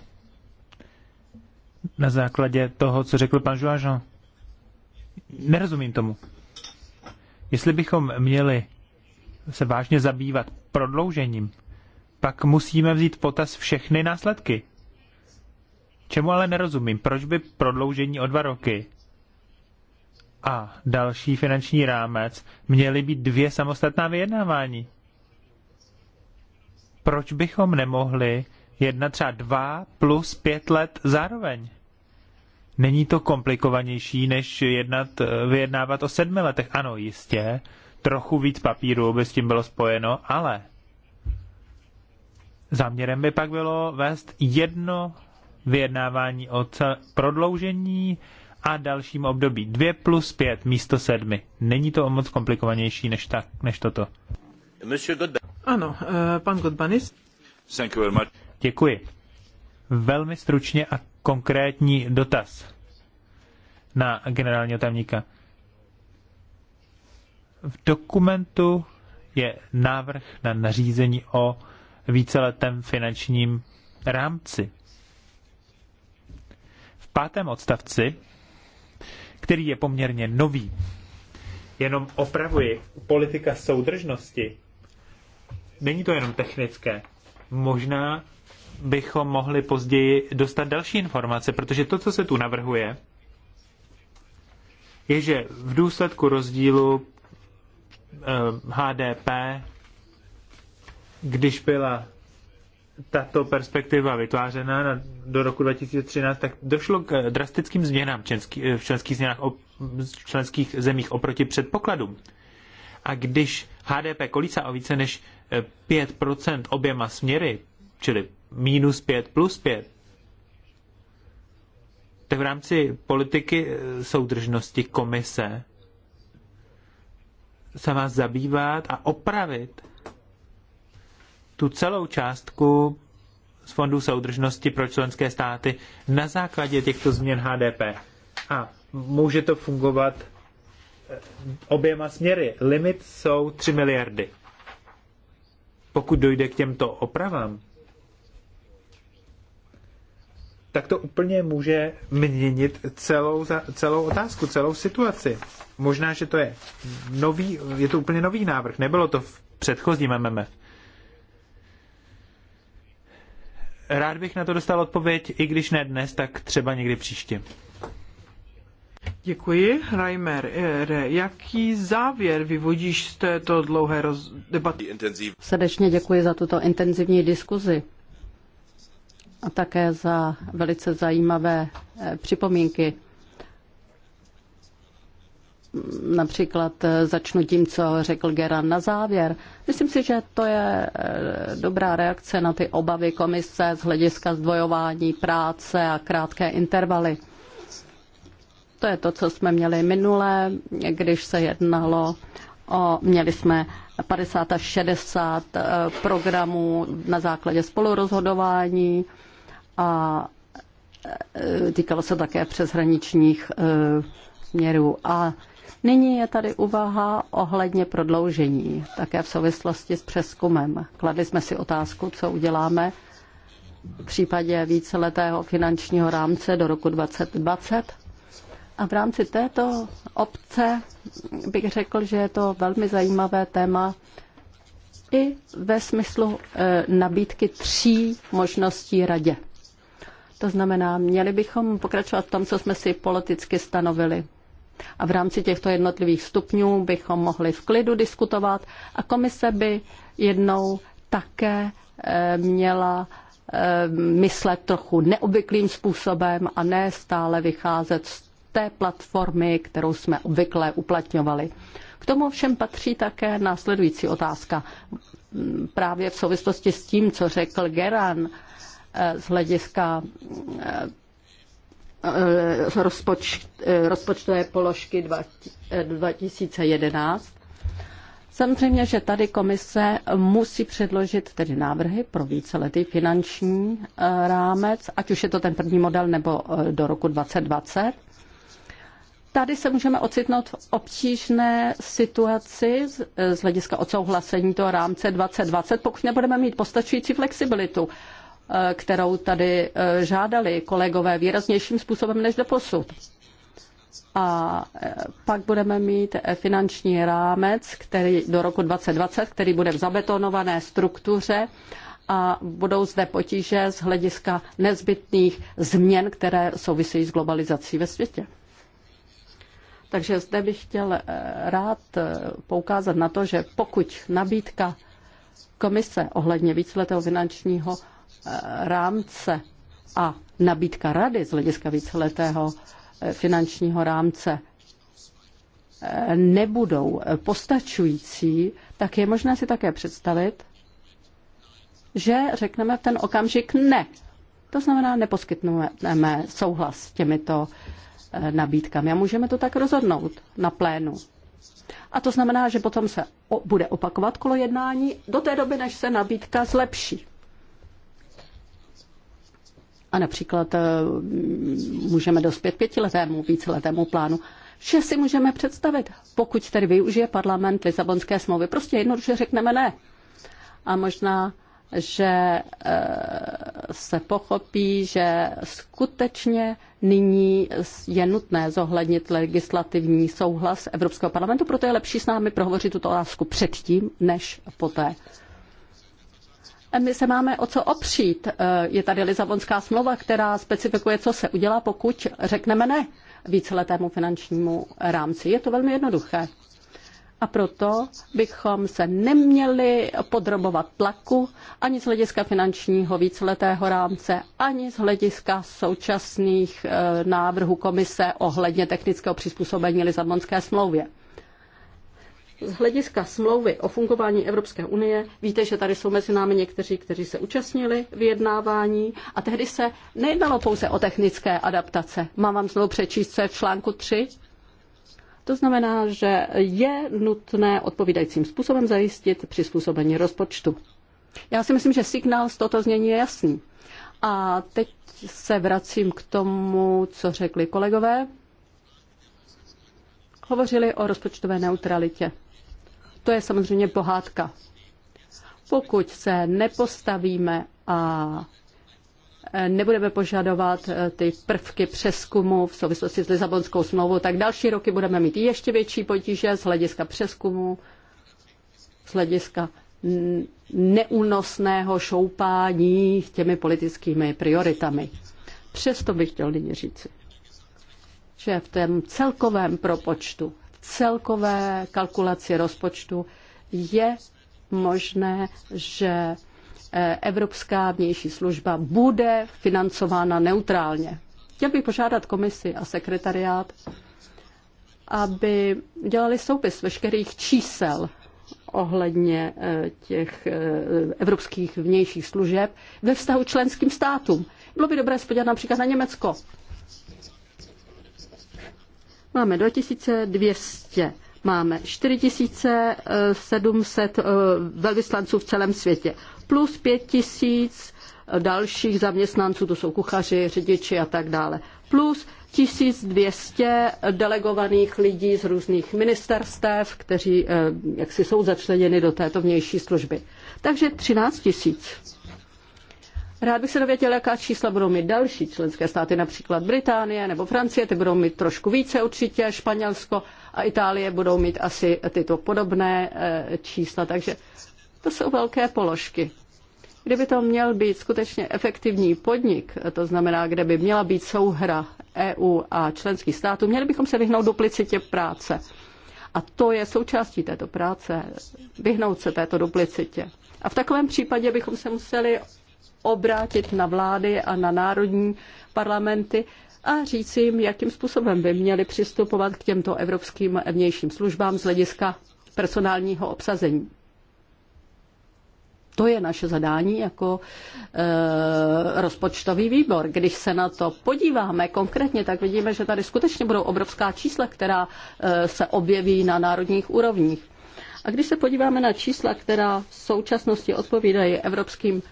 Na základě toho, co řekl pan Žuážan. Nerozumím tomu. Jestli bychom měli se vážně zabývat prodloužením, pak musíme vzít potaz všechny následky. Čemu ale nerozumím, proč by prodloužení o dva roky a další finanční rámec měly být dvě samostatná vyjednávání? Proč bychom nemohli jednat třeba dva plus pět let zároveň? Není to komplikovanější, než jednat, vyjednávat o sedmi letech? Ano, jistě, trochu víc papíru by s tím bylo spojeno, ale záměrem by pak bylo vést jedno vyjednávání o prodloužení a dalším období. 2 plus 5 místo 7. Není to o moc komplikovanější než, tak, než toto. Ano, eh, pan Godbanis. Thank you very much. Děkuji. Velmi stručně a konkrétní dotaz na generálního tajemníka. V dokumentu je návrh na nařízení o víceletém finančním rámci. V pátém odstavci, který je poměrně nový, jenom opravuji, politika soudržnosti není to jenom technické. Možná bychom mohli později dostat další informace, protože to, co se tu navrhuje, je, že v důsledku rozdílu HDP, eh, když byla tato perspektiva vytvářena na, do roku 2013, tak došlo k drastickým změnám v eh, členských, změnách, v členských zemích oproti předpokladům. A když HDP kolísá o více než 5% eh, oběma směry, čili minus 5 plus 5, tak v rámci politiky soudržnosti komise se má zabývat a opravit tu celou částku z fondů soudržnosti pro členské státy na základě těchto změn HDP. A může to fungovat eh, oběma směry. Limit jsou 3 miliardy. Pokud dojde k těmto opravám, tak to úplně může měnit celou, celou otázku, celou situaci. Možná, že to je nový, je to úplně nový návrh, nebylo to v předchozím MMF. Rád bych na to dostal odpověď, i když ne dnes, tak třeba někdy příště. Děkuji. Reimer, eh, eh, jaký závěr vyvodíš z této dlouhé roz... debaty? Srdečně děkuji za tuto intenzivní diskuzi a také za velice zajímavé eh, připomínky. Například eh, začnu tím, co řekl Geran na závěr. Myslím si, že to je eh, dobrá reakce na ty obavy komise z hlediska zdvojování práce a krátké intervaly. To je to, co jsme měli minule, když se jednalo o, měli jsme 50 až 60 programů na základě spolurozhodování a e, týkalo se také přeshraničních e, směrů. A nyní je tady úvaha ohledně prodloužení, také v souvislosti s přeskumem. Kladli jsme si otázku, co uděláme v případě víceletého finančního rámce do roku 2020. A v rámci této obce bych řekl, že je to velmi zajímavé téma i ve smyslu e, nabídky tří možností radě. To znamená, měli bychom pokračovat v tom, co jsme si politicky stanovili. A v rámci těchto jednotlivých stupňů bychom mohli v klidu diskutovat a komise by jednou také eh, měla eh, myslet trochu neobvyklým způsobem a ne stále vycházet z té platformy, kterou jsme obvykle uplatňovali. K tomu všem patří také následující otázka. Právě v souvislosti s tím, co řekl Geran z hlediska eh, eh, rozpoč, eh, rozpočtové položky 2011. Samozřejmě, že tady komise musí předložit tedy návrhy pro víceletý finanční rámec, ať už je to ten první model nebo do roku 2020. Tady se můžeme ocitnout v obtížné situaci z hlediska odsouhlasení toho rámce 2020, pokud nebudeme mít postačující flexibilitu. Eh, kterou tady eh, žádali kolegové výraznějším způsobem než do posud. A eh, pak budeme mít finanční rámec který do roku 2020, který bude v zabetonované struktuře a budou zde potíže z hlediska nezbytných změn, které souvisejí s globalizací ve světě. Takže zde bych chtěl rád poukázat na to, že pokud nabídka komise ohledně víceletého finančního Eh, rámce a nabídka rady z hlediska víceletého eh, finančního rámce eh, nebudou postačující, tak je možné si také představit, že řekneme v ten okamžik ne. To znamená, neposkytneme souhlas s těmito nabídkami a můžeme to tak rozhodnout na plénu. A to znamená, že potom se bude opakovat kolo jednání do té doby, než se nabídka zlepší a například eh, můžeme dospět pětiletému, víceletému plánu. Vše si můžeme představit, pokud tedy využije parlament Lisabonské smlouvy. Prostě jednoduše řekneme ne. A možná, že eh, se pochopí, že skutečně nyní je nutné zohlednit legislativní souhlas Evropského parlamentu, proto je lepší s námi prohovořit tuto otázku předtím, než poté my se máme o co opřít. E, je tady Lizabonská smlouva, která specifikuje, co se udělá, pokud řekneme ne víceletému finančnímu rámci. Je to velmi jednoduché. A proto bychom se neměli podrobovat tlaku ani z hlediska finančního víceletého rámce, ani z hlediska současných e, návrhů komise ohledně technického přizpůsobení Lizabonské smlouvě z hlediska smlouvy o fungování Evropské unie, víte, že tady jsou mezi námi někteří, kteří se účastnili vyjednávání a tehdy se nejednalo pouze o technické adaptace. Mám vám znovu přečíst, co je v článku 3? To znamená, že je nutné odpovídajícím způsobem zajistit přizpůsobení rozpočtu. Já si myslím, že signál z toto znění je jasný. A teď se vracím k tomu, co řekli kolegové. Hovořili o rozpočtové neutralitě to je samozřejmě pohádka. Pokud se nepostavíme a nebudeme požadovat eh, ty prvky přeskumu v souvislosti s Lisabonskou smlouvou, tak další roky budeme mít ještě větší potíže z hlediska přeskumu, z hlediska neúnosného šoupání těmi politickými prioritami. Přesto bych chtěl nyní říci, že v tom celkovém propočtu celkové kalkulaci rozpočtu je možné, že eh, Evropská vnější služba bude financována neutrálně. Chtěl bych požádat komisi a sekretariát, aby dělali soupis veškerých čísel ohledně eh, těch eh, evropských vnějších služeb ve vztahu členským státům. Bylo by dobré spodělat například na Německo. Máme 2200 máme 4700 eh, velvyslanců v celém světě, plus 5000 eh, dalších zaměstnanců, to jsou kuchaři, řidiči a tak dále, plus 1200 delegovaných lidí z různých ministerstev, kteří eh, jaksi jsou začleněni do této vnější služby. Takže 13 000. Rád bych se dověděl, jaká čísla budou mít další členské státy, například Británie nebo Francie, ty budou mít trošku více určitě, Španělsko a Itálie budou mít asi tyto podobné eh, čísla, takže to jsou velké položky. Kdyby to měl být skutečně efektivní podnik, to znamená, kde by měla být souhra EU a členských států, měli bychom se vyhnout duplicitě práce. A to je součástí této práce, vyhnout se této duplicitě. A v takovém případě bychom se museli obrátit na vlády a na národní parlamenty a říct jim, jakým způsobem by měli přistupovat k těmto evropským vnějším službám z hlediska personálního obsazení. To je naše zadání jako e, rozpočtový výbor. Když se na to podíváme konkrétně, tak vidíme, že tady skutečně budou obrovská čísla, která e, se objeví na národních úrovních. A když se podíváme na čísla, která v současnosti odpovídají evropským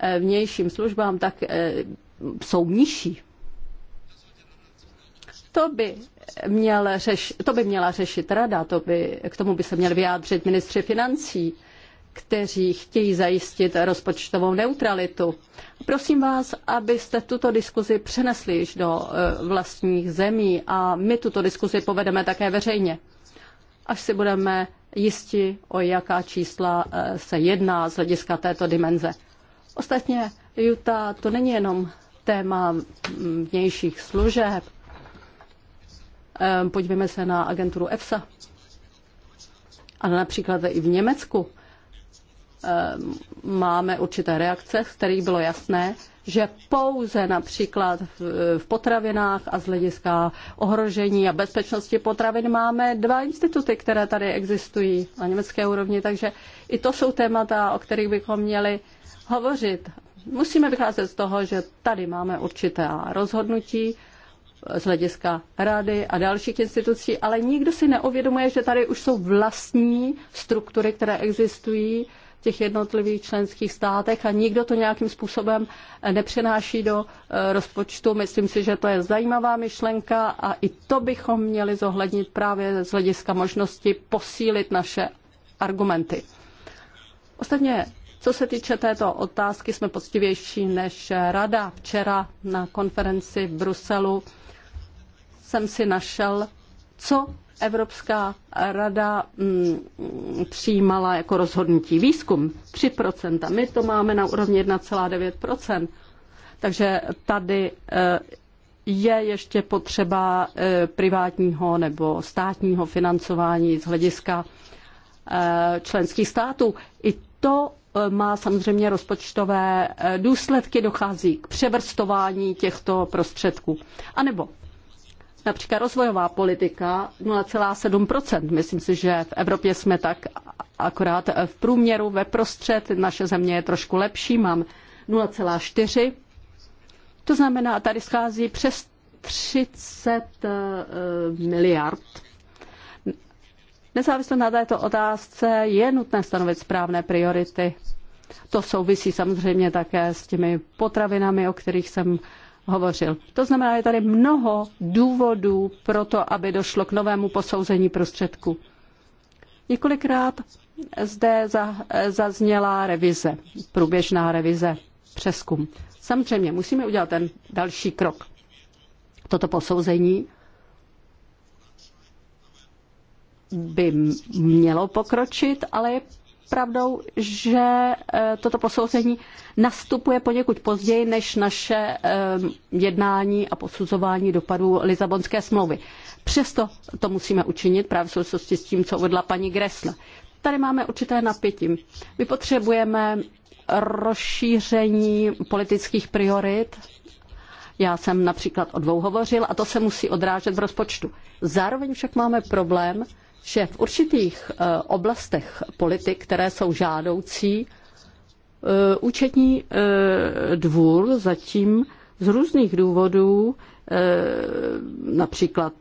Eh, vnějším službám, tak eh, jsou nižší. To by, měl řeš, to by měla řešit rada, to by, k tomu by se měl vyjádřit ministři financí, kteří chtějí zajistit rozpočtovou neutralitu. Prosím vás, abyste tuto diskuzi přenesli již do eh, vlastních zemí a my tuto diskuzi povedeme také veřejně, až si budeme jisti, o jaká čísla se jedná z hlediska této dimenze. Ostatně juta to není jenom téma vnějších služeb. Ehm, podívejme se na agenturu EFSA. A například i v Německu ehm, máme určité reakce, z kterých bylo jasné, že pouze například v potravinách a z hlediska ohrožení a bezpečnosti potravin máme dva instituty, které tady existují na německé úrovni, takže i to jsou témata, o kterých bychom měli hovořit. Musíme vycházet z toho, že tady máme určité rozhodnutí z hlediska rady a dalších institucí, ale nikdo si neuvědomuje, že tady už jsou vlastní struktury, které existují v těch jednotlivých členských státech a nikdo to nějakým způsobem nepřenáší do eh, rozpočtu. Myslím si, že to je zajímavá myšlenka a i to bychom měli zohlednit právě z hlediska možnosti posílit naše argumenty. Ostatně co se týče této otázky, jsme poctivější než rada. Včera na konferenci v Bruselu jsem si našel, co Evropská rada mm, přijímala jako rozhodnutí výzkum 3%. My to máme na úrovni 1,9%. Takže tady eh, je ještě potřeba eh, privátního nebo státního financování z hlediska eh, členských států. I to má samozřejmě rozpočtové eh, důsledky, dochází k převrstování těchto prostředků. A nebo například rozvojová politika 0,7%. Myslím si, že v Evropě jsme tak akorát v průměru, ve prostřed. Naše země je trošku lepší, mám 0,4. To znamená, tady schází přes 30 eh, miliard Nezávisle na této otázce je nutné stanovit správné priority. To souvisí samozřejmě také s těmi potravinami, o kterých jsem hovořil. To znamená, je tady mnoho důvodů pro to, aby došlo k novému posouzení prostředku. Několikrát zde zazněla revize, průběžná revize, přeskum. Samozřejmě musíme udělat ten další krok. Toto posouzení by mělo pokročit, ale je pravdou, že eh, toto posouzení nastupuje poněkud později než naše eh, jednání a posuzování dopadů Lizabonské smlouvy. Přesto to musíme učinit právě v souvislosti s tím, co uvedla paní Gressle. Tady máme určité napětí. My potřebujeme rozšíření politických priorit. Já jsem například o dvou hovořil a to se musí odrážet v rozpočtu. Zároveň však máme problém, že v určitých eh, oblastech politik, které jsou žádoucí, eh, účetní eh, dvůr zatím z různých důvodů například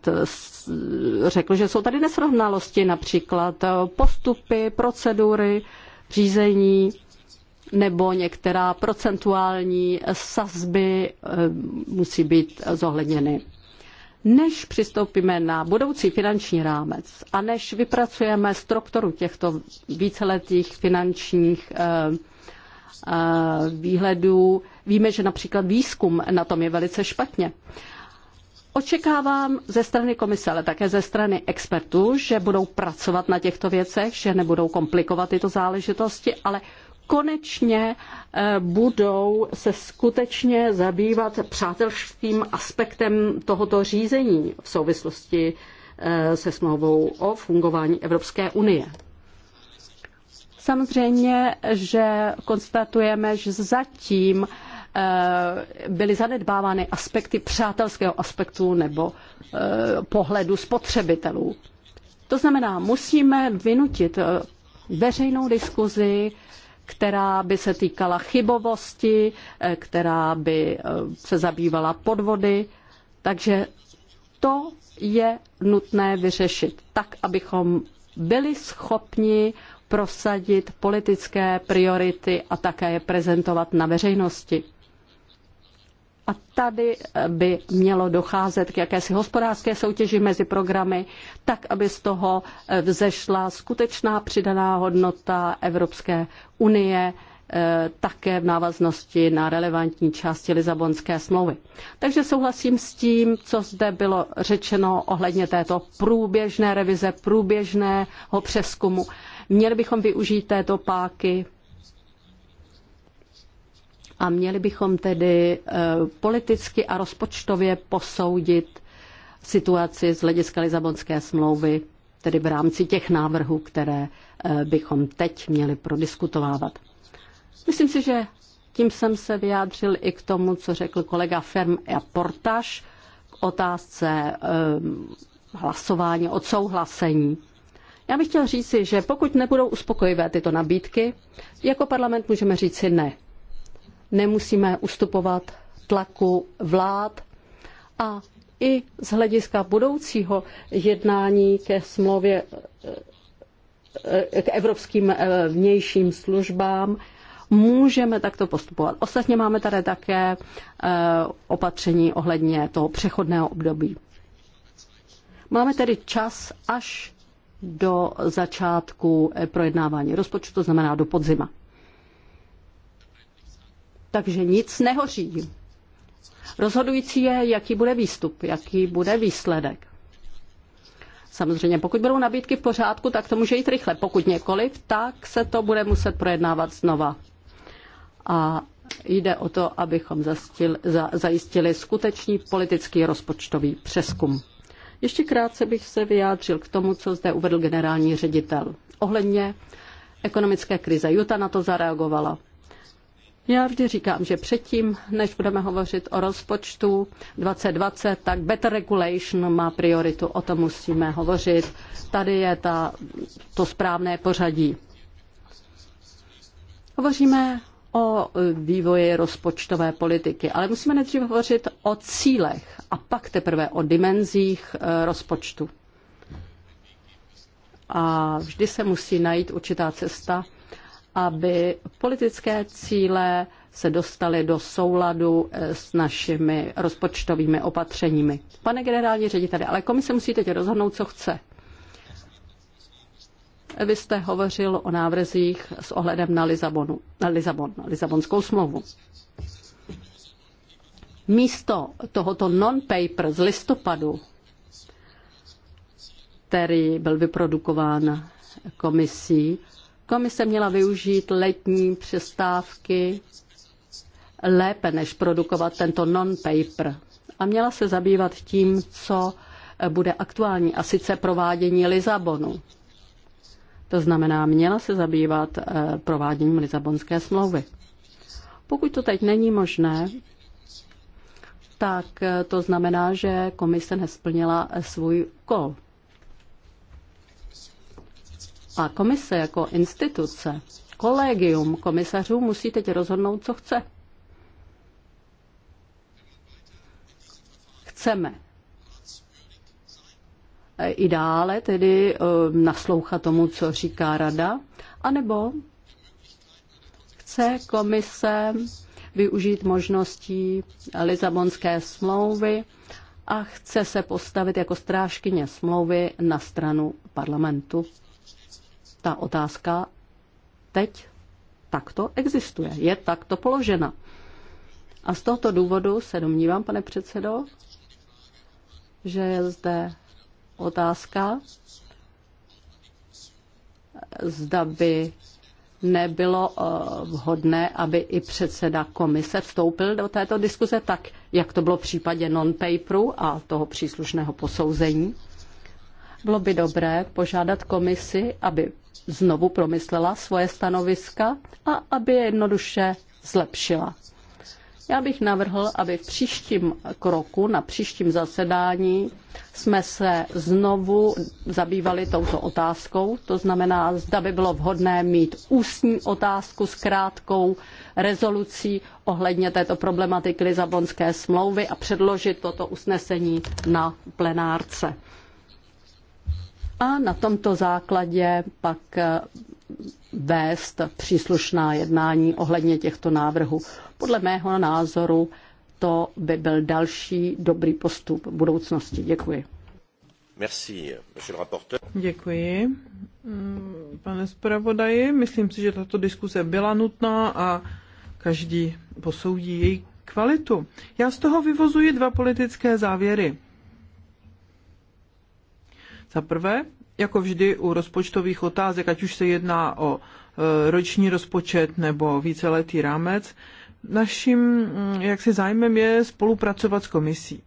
řekl, že jsou tady nesrovnalosti, například postupy, procedury, řízení nebo některá procentuální sazby musí být zohledněny. Než přistoupíme na budoucí finanční rámec a než vypracujeme strukturu těchto víceletých finančních eh, eh, výhledů, víme, že například výzkum na tom je velice špatně. Očekávám ze strany komise, ale také ze strany expertů, že budou pracovat na těchto věcech, že nebudou komplikovat tyto záležitosti, ale konečně eh, budou se skutečně zabývat přátelským aspektem tohoto řízení v souvislosti eh, se smlouvou o fungování Evropské unie. Samozřejmě, že konstatujeme, že zatím eh, byly zanedbávány aspekty přátelského aspektu nebo pohledu spotřebitelů. To znamená, musíme vynutit veřejnou diskuzi, která by se týkala chybovosti, eh, která by eh, se zabývala podvody. Takže to je nutné vyřešit tak, abychom byli schopni prosadit politické priority a také je prezentovat na veřejnosti. A tady eh, by mělo docházet k jakési hospodářské soutěži mezi programy, tak aby z toho eh, vzešla skutečná přidaná hodnota Evropské unie, eh, také v návaznosti na relevantní části Lizabonské smlouvy. Takže souhlasím s tím, co zde bylo řečeno ohledně této průběžné revize, průběžného přeskumu. Měli bychom využít této páky a měli bychom tedy eh, politicky a rozpočtově posoudit situaci z hlediska Lizabonské smlouvy, tedy v rámci těch návrhů, které eh, bychom teď měli prodiskutovávat. Myslím si, že tím jsem se vyjádřil i k tomu, co řekl kolega Ferm a Portaž k otázce eh, hlasování, odsouhlasení. Já bych chtěl říci, že pokud nebudou uspokojivé tyto nabídky, jako parlament můžeme říci ne nemusíme ustupovat tlaku vlád a i z hlediska budoucího jednání ke smlouvě eh, k evropským eh, vnějším službám můžeme takto postupovat. Ostatně máme tady také eh, opatření ohledně toho přechodného období. Máme tedy čas až do začátku projednávání rozpočtu, to znamená do podzima takže nic nehoří. Rozhodující je, jaký bude výstup, jaký bude výsledek. Samozřejmě, pokud budou nabídky v pořádku, tak to může jít rychle. Pokud několiv, tak se to bude muset projednávat znova. A jde o to, abychom zastil, za, zajistili skutečný politický rozpočtový přeskum. Ještě krátce bych se vyjádřil k tomu, co zde uvedl generální ředitel. Ohledně ekonomické krize. Juta na to zareagovala. Já vždy říkám, že předtím, než budeme hovořit o rozpočtu 2020, tak better regulation má prioritu, o tom musíme hovořit. Tady je ta, to správné pořadí. Hovoříme o vývoji rozpočtové politiky, ale musíme nejdřív hovořit o cílech a pak teprve o dimenzích eh, rozpočtu. A vždy se musí najít určitá cesta, aby politické cíle se dostaly do souladu eh, s našimi rozpočtovými opatřeními. Pane generální řediteli, ale komise musí teď rozhodnout, co chce. Vy jste hovořil o návrzích s ohledem na, Lizabonu, na Lizabon, na Lizabonskou smlouvu. Místo tohoto non-paper z listopadu, který byl vyprodukován komisí, Komise měla využít letní přestávky lépe, než produkovat tento non-paper. A měla se zabývat tím, co bude aktuální, a sice provádění Lizabonu. To znamená, měla se zabývat eh, prováděním Lizabonské smlouvy. Pokud to teď není možné, tak eh, to znamená, že komise nesplnila eh, svůj úkol. A komise jako instituce, kolegium komisařů musí teď rozhodnout, co chce. Chceme i dále tedy eh, naslouchat tomu, co říká rada, anebo chce komise využít možností Lisabonské smlouvy a chce se postavit jako strážkyně smlouvy na stranu parlamentu ta otázka teď takto existuje, je takto položena. A z tohoto důvodu se domnívám, pane předsedo, že je zde otázka, zda by nebylo eh, vhodné, aby i předseda komise vstoupil do této diskuze tak, jak to bylo v případě non-paperu a toho příslušného posouzení. Bylo by dobré požádat komisi, aby znovu promyslela svoje stanoviska a aby je jednoduše zlepšila. Já bych navrhl, aby v příštím kroku, na příštím zasedání, jsme se znovu zabývali touto otázkou. To znamená, zda by bylo vhodné mít ústní otázku s krátkou rezolucí ohledně této problematiky Lizabonské smlouvy a předložit toto usnesení na plenárce a na tomto základě pak eh, vést příslušná jednání ohledně těchto návrhů. Podle mého názoru to by byl další dobrý postup v budoucnosti. Děkuji. Merci, Děkuji. Mm, pane zpravodaji, myslím si, že tato diskuse byla nutná a každý posoudí její kvalitu. Já z toho vyvozuji dva politické závěry. Za prvé, jako vždy u rozpočtových otázek, ať už se jedná o e, roční rozpočet nebo víceletý rámec, naším mm, jaksi zájmem je spolupracovat s komisí.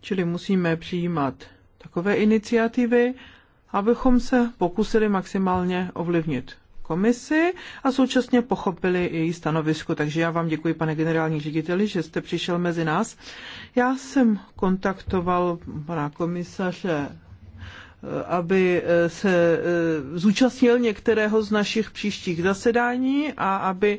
Čili musíme přijímat takové iniciativy, abychom se pokusili maximálně ovlivnit komisi a současně pochopili její stanovisko. Takže já vám děkuji, pane generální řediteli, že jste přišel mezi nás. Já jsem kontaktoval pana komisaře aby eh, se eh, zúčastnil některého z našich příštích zasedání a aby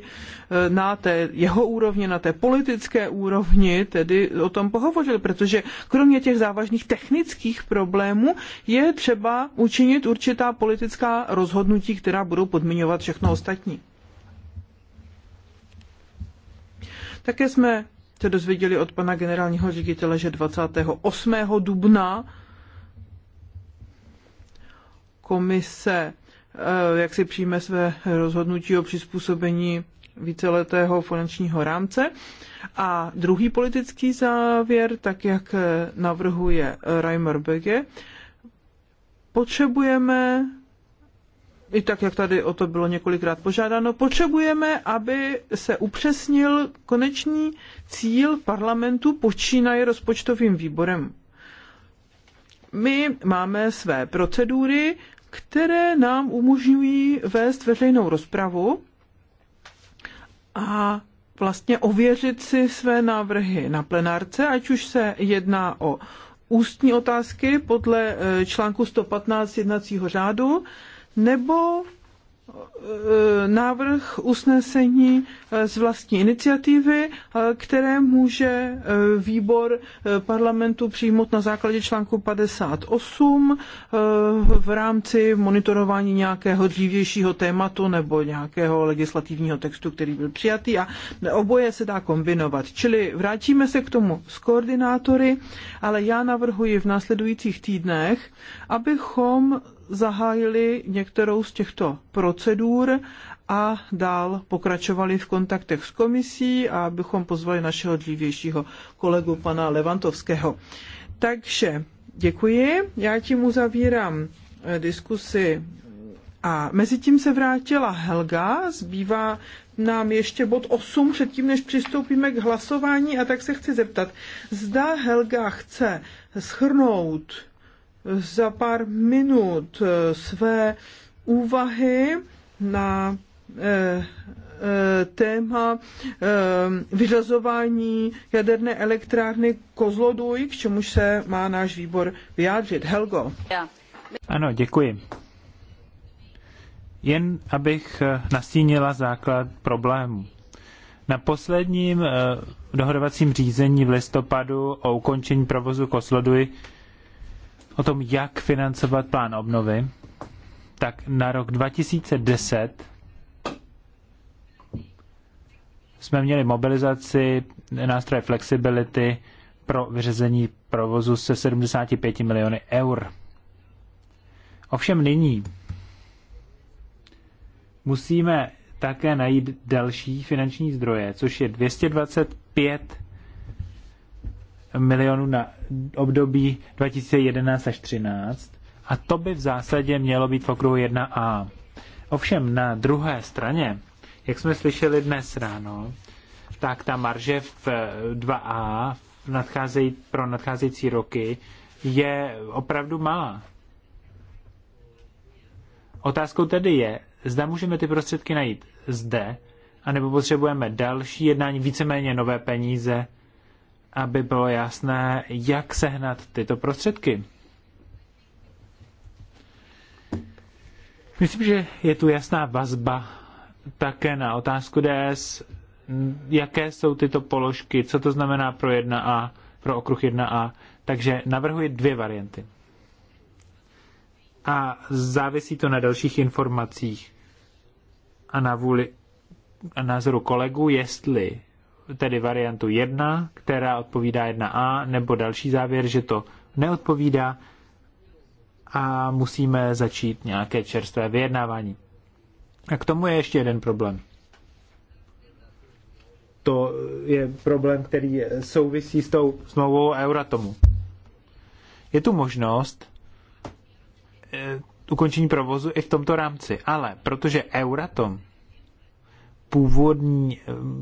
eh, na té jeho úrovni, na té politické úrovni tedy o tom pohovořil, protože kromě těch závažných technických problémů je třeba učinit určitá politická rozhodnutí, která budou podmiňovat všechno ostatní. Také jsme se dozvěděli od pana generálního ředitele, že 28. dubna komise eh, jak si přijme své rozhodnutí o přizpůsobení víceletého finančního rámce. A druhý politický závěr, tak jak navrhuje Reimer Bege, potřebujeme, i tak, jak tady o to bylo několikrát požádáno, potřebujeme, aby se upřesnil konečný cíl parlamentu počínaje rozpočtovým výborem my máme své procedury které nám umožňují vést veřejnou rozpravu a vlastně ověřit si své návrhy na plenárce, ať už se jedná o ústní otázky podle eh, článku 115 jednacího řádu, nebo E, návrh usnesení e, z vlastní iniciativy, e, které může výbor parlamentu přijmout na základě článku 58 v rámci monitorování nějakého dřívějšího tématu nebo nějakého legislativního textu, který byl přijatý a oboje se dá kombinovat. Čili vrátíme se k tomu s koordinátory, ale já navrhuji v následujících týdnech, abychom zahájili některou z těchto procedur a dál pokračovali v kontaktech s komisí a abychom pozvali našeho dřívějšího kolegu pana Levantovského. Takže děkuji. Já tím uzavírám eh, diskusi a mezi tím se vrátila Helga, zbývá nám ještě bod 8 předtím, než přistoupíme k hlasování a tak se chci zeptat, zda Helga chce schrnout za pár minut eh, své úvahy na eh, eh, téma vyřazování jaderné elektrárny Kozloduj, k čemuž se má náš výbor vyjádřit. Helgo. Ano, děkuji. Jen abych nastínila základ problému. Na posledním dohodovacím řízení v listopadu o ukončení provozu Kozloduj o tom, jak financovat plán obnovy, tak na rok 2010 jsme měli mobilizaci nástroje flexibility pro vyřezení provozu se 75 miliony eur. Ovšem nyní musíme také najít další finanční zdroje, což je 225 milionů na období 2011 až 2013 a to by v zásadě mělo být v okruhu 1A. Ovšem na druhé straně, jak jsme slyšeli dnes ráno, tak ta marže v 2A eh, v nadcházej, pro nadcházející roky je opravdu malá. Otázkou tedy je, zda můžeme ty prostředky najít zde, anebo potřebujeme další jednání, víceméně nové peníze, aby bylo jasné, jak sehnat tyto prostředky. Myslím, že je tu jasná vazba také na otázku DS, jaké jsou tyto položky, co to znamená pro 1A, pro okruh 1A. Takže navrhuji dvě varianty. A závisí to na dalších informacích a na vůli a názoru kolegů, jestli tedy variantu 1, která odpovídá 1a, nebo další závěr, že to neodpovídá a musíme začít nějaké čerstvé vyjednávání. A k tomu je ještě jeden problém. To je problém, který souvisí s tou smlouvou Euratomu. Je tu možnost eh, ukončení provozu i v tomto rámci, ale protože Euratom původní,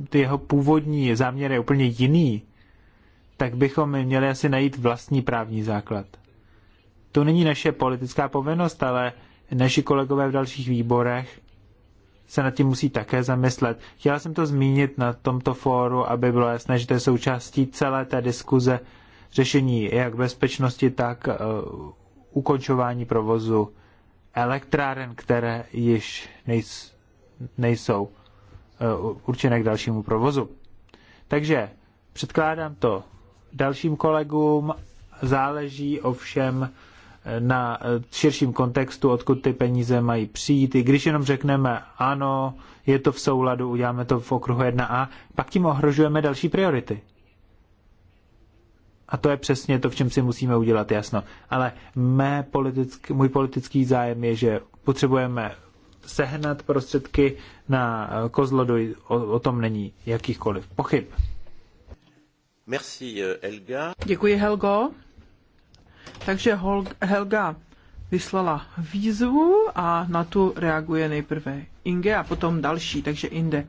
ty jeho původní záměr je úplně jiný, tak bychom měli asi najít vlastní právní základ. To není naše politická povinnost, ale naši kolegové v dalších výborech se nad tím musí také zamyslet. Chtěla jsem to zmínit na tomto fóru, aby bylo jasné, že to je součástí celé té diskuze řešení jak bezpečnosti, tak uh, ukončování provozu elektráren, které již nejs- nejsou Eh, určené k dalšímu provozu. Takže předkládám to dalším kolegům, záleží ovšem eh, na eh, širším kontextu, odkud ty peníze mají přijít. I když jenom řekneme ano, je to v souladu, uděláme to v okruhu 1a, pak tím ohrožujeme další priority. A to je přesně to, v čem si musíme udělat jasno. Ale mé politick, můj politický zájem je, že potřebujeme sehnat prostředky na Kozlodoj, o, o tom není jakýchkoliv pochyb. Merci, eh, Helga. Děkuji, Helgo. Takže Helga vyslala výzvu a na tu reaguje nejprve Inge a potom další, takže Inde.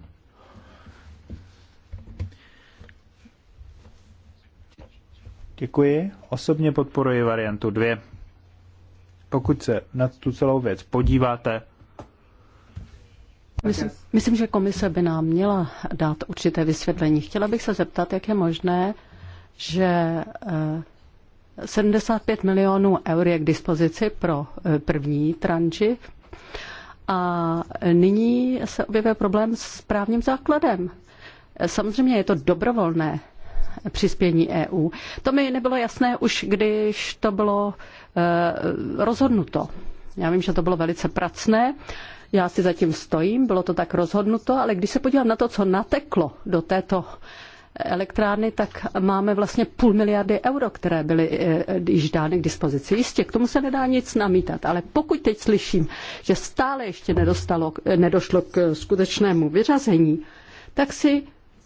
Děkuji. Osobně podporuji variantu 2. Pokud se na tu celou věc podíváte, Myslím, myslím, že komise by nám měla dát určité vysvětlení. Chtěla bych se zeptat, jak je možné, že 75 eh, milionů eur je k dispozici pro eh, první tranži a nyní se objevuje problém s právním základem. Samozřejmě je to dobrovolné přispění EU. To mi nebylo jasné už, když to bylo eh, rozhodnuto. Já vím, že to bylo velice pracné já si zatím stojím, bylo to tak rozhodnuto, ale když se podívám na to, co nateklo do této elektrárny, tak máme vlastně půl miliardy euro, které byly eh, již dány k dispozici. Jistě, k tomu se nedá nic namítat, ale pokud teď slyším, že stále ještě nedostalo, nedošlo k skutečnému vyřazení, tak si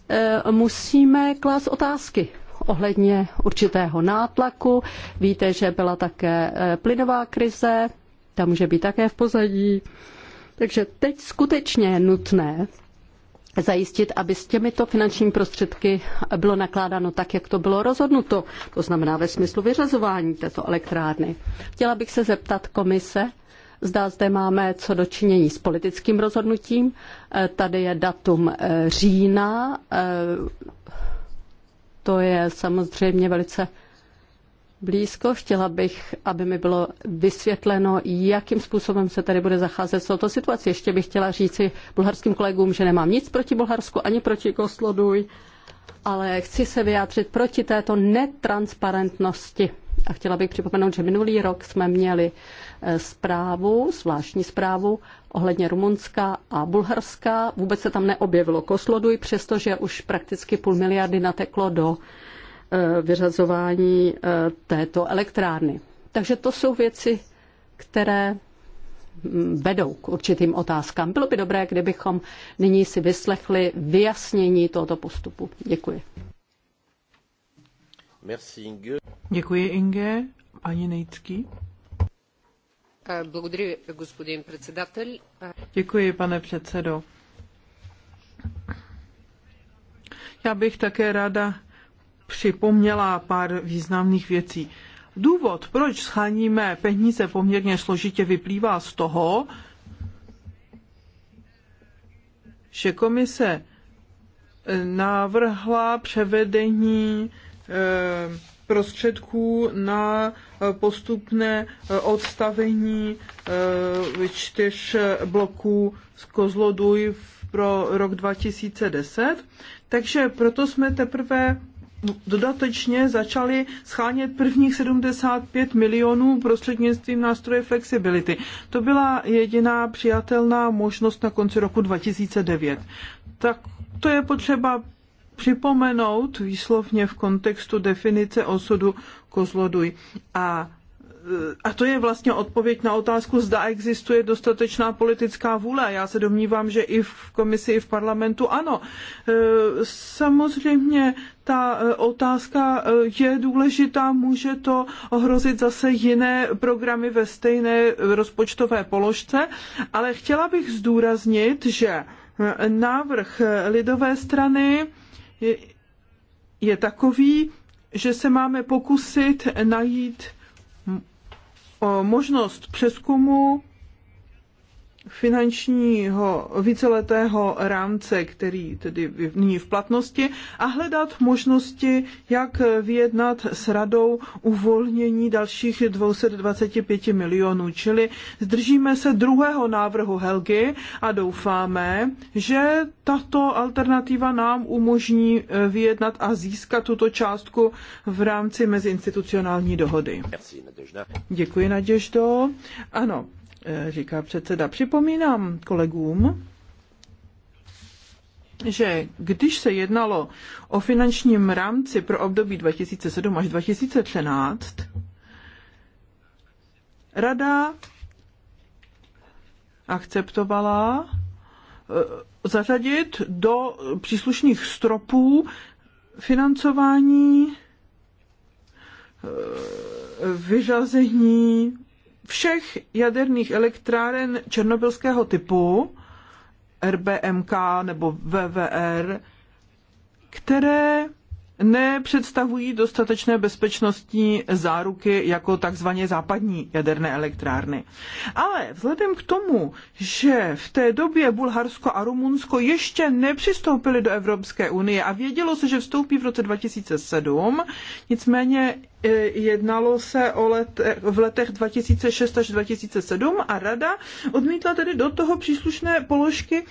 eh, musíme klást otázky ohledně určitého nátlaku. Víte, že byla také eh, plynová krize, ta může být také v pozadí. Takže teď skutečně je nutné zajistit, aby s těmito finančními prostředky bylo nakládáno tak, jak to bylo rozhodnuto, to znamená ve smyslu vyřazování této elektrárny. Chtěla bych se zeptat komise, zda zde máme co dočinění s politickým rozhodnutím. Eh, tady je datum eh, října, eh, to je samozřejmě velice blízko. Chtěla bych, aby mi bylo vysvětleno, jakým způsobem se tady bude zacházet s touto situací. Ještě bych chtěla říci bulharským kolegům, že nemám nic proti Bulharsku ani proti Kosloduj, ale chci se vyjádřit proti této netransparentnosti. A chtěla bych připomenout, že minulý rok jsme měli eh, zprávu, zvláštní zprávu ohledně Rumunska a Bulharska. Vůbec se tam neobjevilo Kosloduj, přestože už prakticky půl miliardy nateklo do Eh, vyřazování eh, této elektrárny. Takže to jsou věci, které mm, vedou k určitým otázkám. Bylo by dobré, kdybychom nyní si vyslechli vyjasnění tohoto postupu. Děkuji. Merci, Inge. Děkuji, Inge. Paní Nejcký. Eh, Děkuji, pane předsedo. Já bych také ráda připomněla pár významných věcí. Důvod, proč scháníme peníze poměrně složitě, vyplývá z toho, že komise eh, navrhla převedení eh, prostředků na eh, postupné odstavení čtyř bloků z Kozloduj pro rok 2010. Takže proto jsme teprve dodatečně začali schánět prvních 75 milionů prostřednictvím nástroje flexibility. To byla jediná přijatelná možnost na konci roku 2009. Tak to je potřeba připomenout výslovně v kontextu definice osudu Kozloduj. A a to je vlastně odpověď na otázku, zda existuje dostatečná politická vůle. Já se domnívám, že i v komisi, i v parlamentu ano. E, samozřejmě ta e, otázka e, je důležitá, může to ohrozit zase jiné programy ve stejné rozpočtové položce, ale chtěla bych zdůraznit, že návrh lidové strany je takový, že se máme pokusit najít možnost přeskumu finančního víceletého rámce, který tedy nyní v platnosti, a hledat možnosti, jak vyjednat s radou uvolnění dalších 225 milionů. Čili zdržíme se druhého návrhu Helgy a doufáme, že tato alternativa nám umožní eh, vyjednat a získat tuto částku v rámci meziinstitucionální dohody. Děkuji, Naděždo. Ano, Eh, říká předseda. Připomínám kolegům, že když se jednalo o finančním rámci pro období 2007 až 2013, rada akceptovala eh, zařadit do příslušných stropů financování eh, vyřazení všech jaderných elektráren černobylského typu, RBMK nebo VVR, které nepředstavují dostatečné bezpečnostní záruky jako takzvaně západní jaderné elektrárny. Ale vzhledem k tomu, že v té době Bulharsko a Rumunsko ještě nepřistoupili do Evropské unie a vědělo se, že vstoupí v roce 2007, nicméně Eh, jednalo se o let, v letech 2006 až 2007 a rada odmítla tedy do toho příslušné položky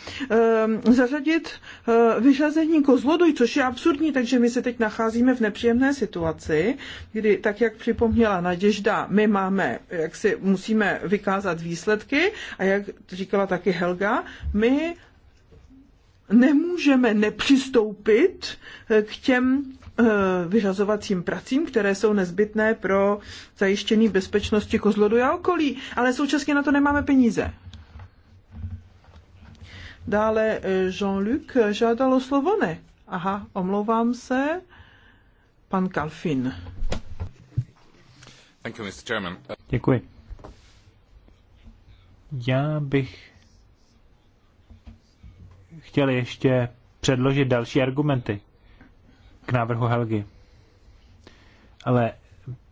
e, zařadit e, vyřazení kozloduj, což je absurdní, takže my se teď nacházíme v nepříjemné situaci, kdy, tak jak připomněla Naděžda, my máme, jak si musíme vykázat výsledky a jak říkala taky Helga, my nemůžeme nepřistoupit k těm Eh, vyřazovacím pracím, které jsou nezbytné pro zajištění bezpečnosti kozlodu a okolí, ale současně na to nemáme peníze. Dále eh, Jean-Luc žádalo slovo ne. Aha, omlouvám se. Pan Kalfin. Děkuji. Já bych chtěl ještě předložit další argumenty k návrhu Helgy. Ale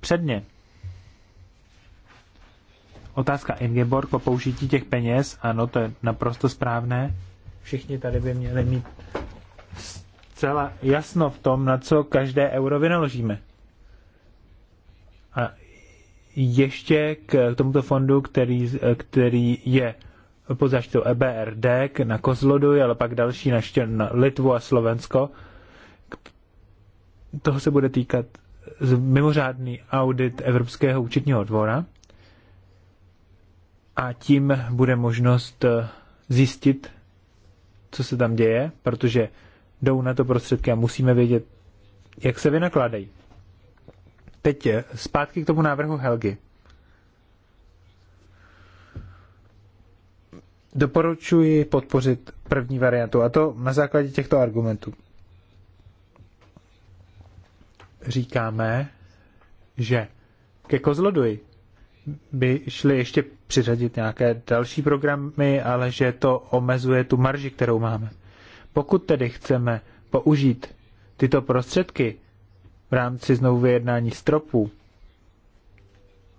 předně otázka Ingeborg o použití těch peněz, ano, to je naprosto správné. Všichni tady by měli mít zcela jasno v tom, na co každé euro vynaložíme. A ještě k tomuto fondu, který, který je pod zaštitou EBRD na Kozlodu, ale pak další na Litvu a Slovensko, toho se bude týkat mimořádný audit Evropského účetního dvora a tím bude možnost eh, zjistit, co se tam děje, protože jdou na to prostředky a musíme vědět, jak se vynakládají. Teď eh, zpátky k tomu návrhu Helgy. Doporučuji podpořit první variantu, a to na základě těchto argumentů říkáme, že ke Kozloduji by šly ještě přiřadit nějaké další programy, ale že to omezuje tu marži, kterou máme. Pokud tedy chceme použít tyto prostředky v rámci znovu vyjednání stropů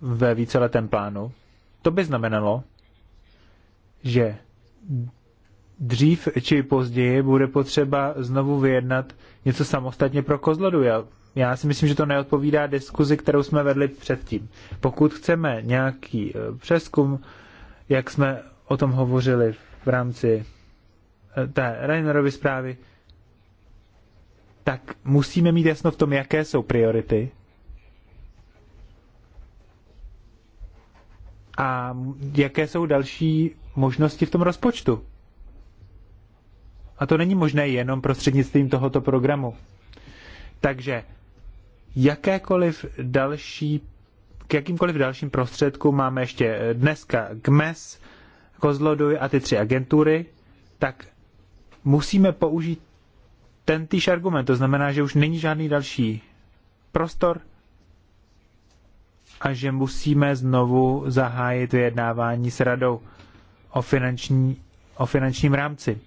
ve víceletém plánu, to by znamenalo, že dřív či později bude potřeba znovu vyjednat něco samostatně pro kozlodu. A já si myslím, že to neodpovídá diskuzi, kterou jsme vedli předtím. Pokud chceme nějaký eh, přeskum, jak jsme o tom hovořili v rámci eh, té Reinerovy zprávy, tak musíme mít jasno v tom, jaké jsou priority. A jaké jsou další možnosti v tom rozpočtu. A to není možné jenom prostřednictvím tohoto programu. Takže jakékoliv další, k jakýmkoliv dalším prostředkům máme ještě eh, dneska GMES, Kozloduj a ty tři agentury, tak musíme použít ten týž argument. To znamená, že už není žádný další prostor a že musíme znovu zahájit vyjednávání s radou o, finanční, o finančním rámci.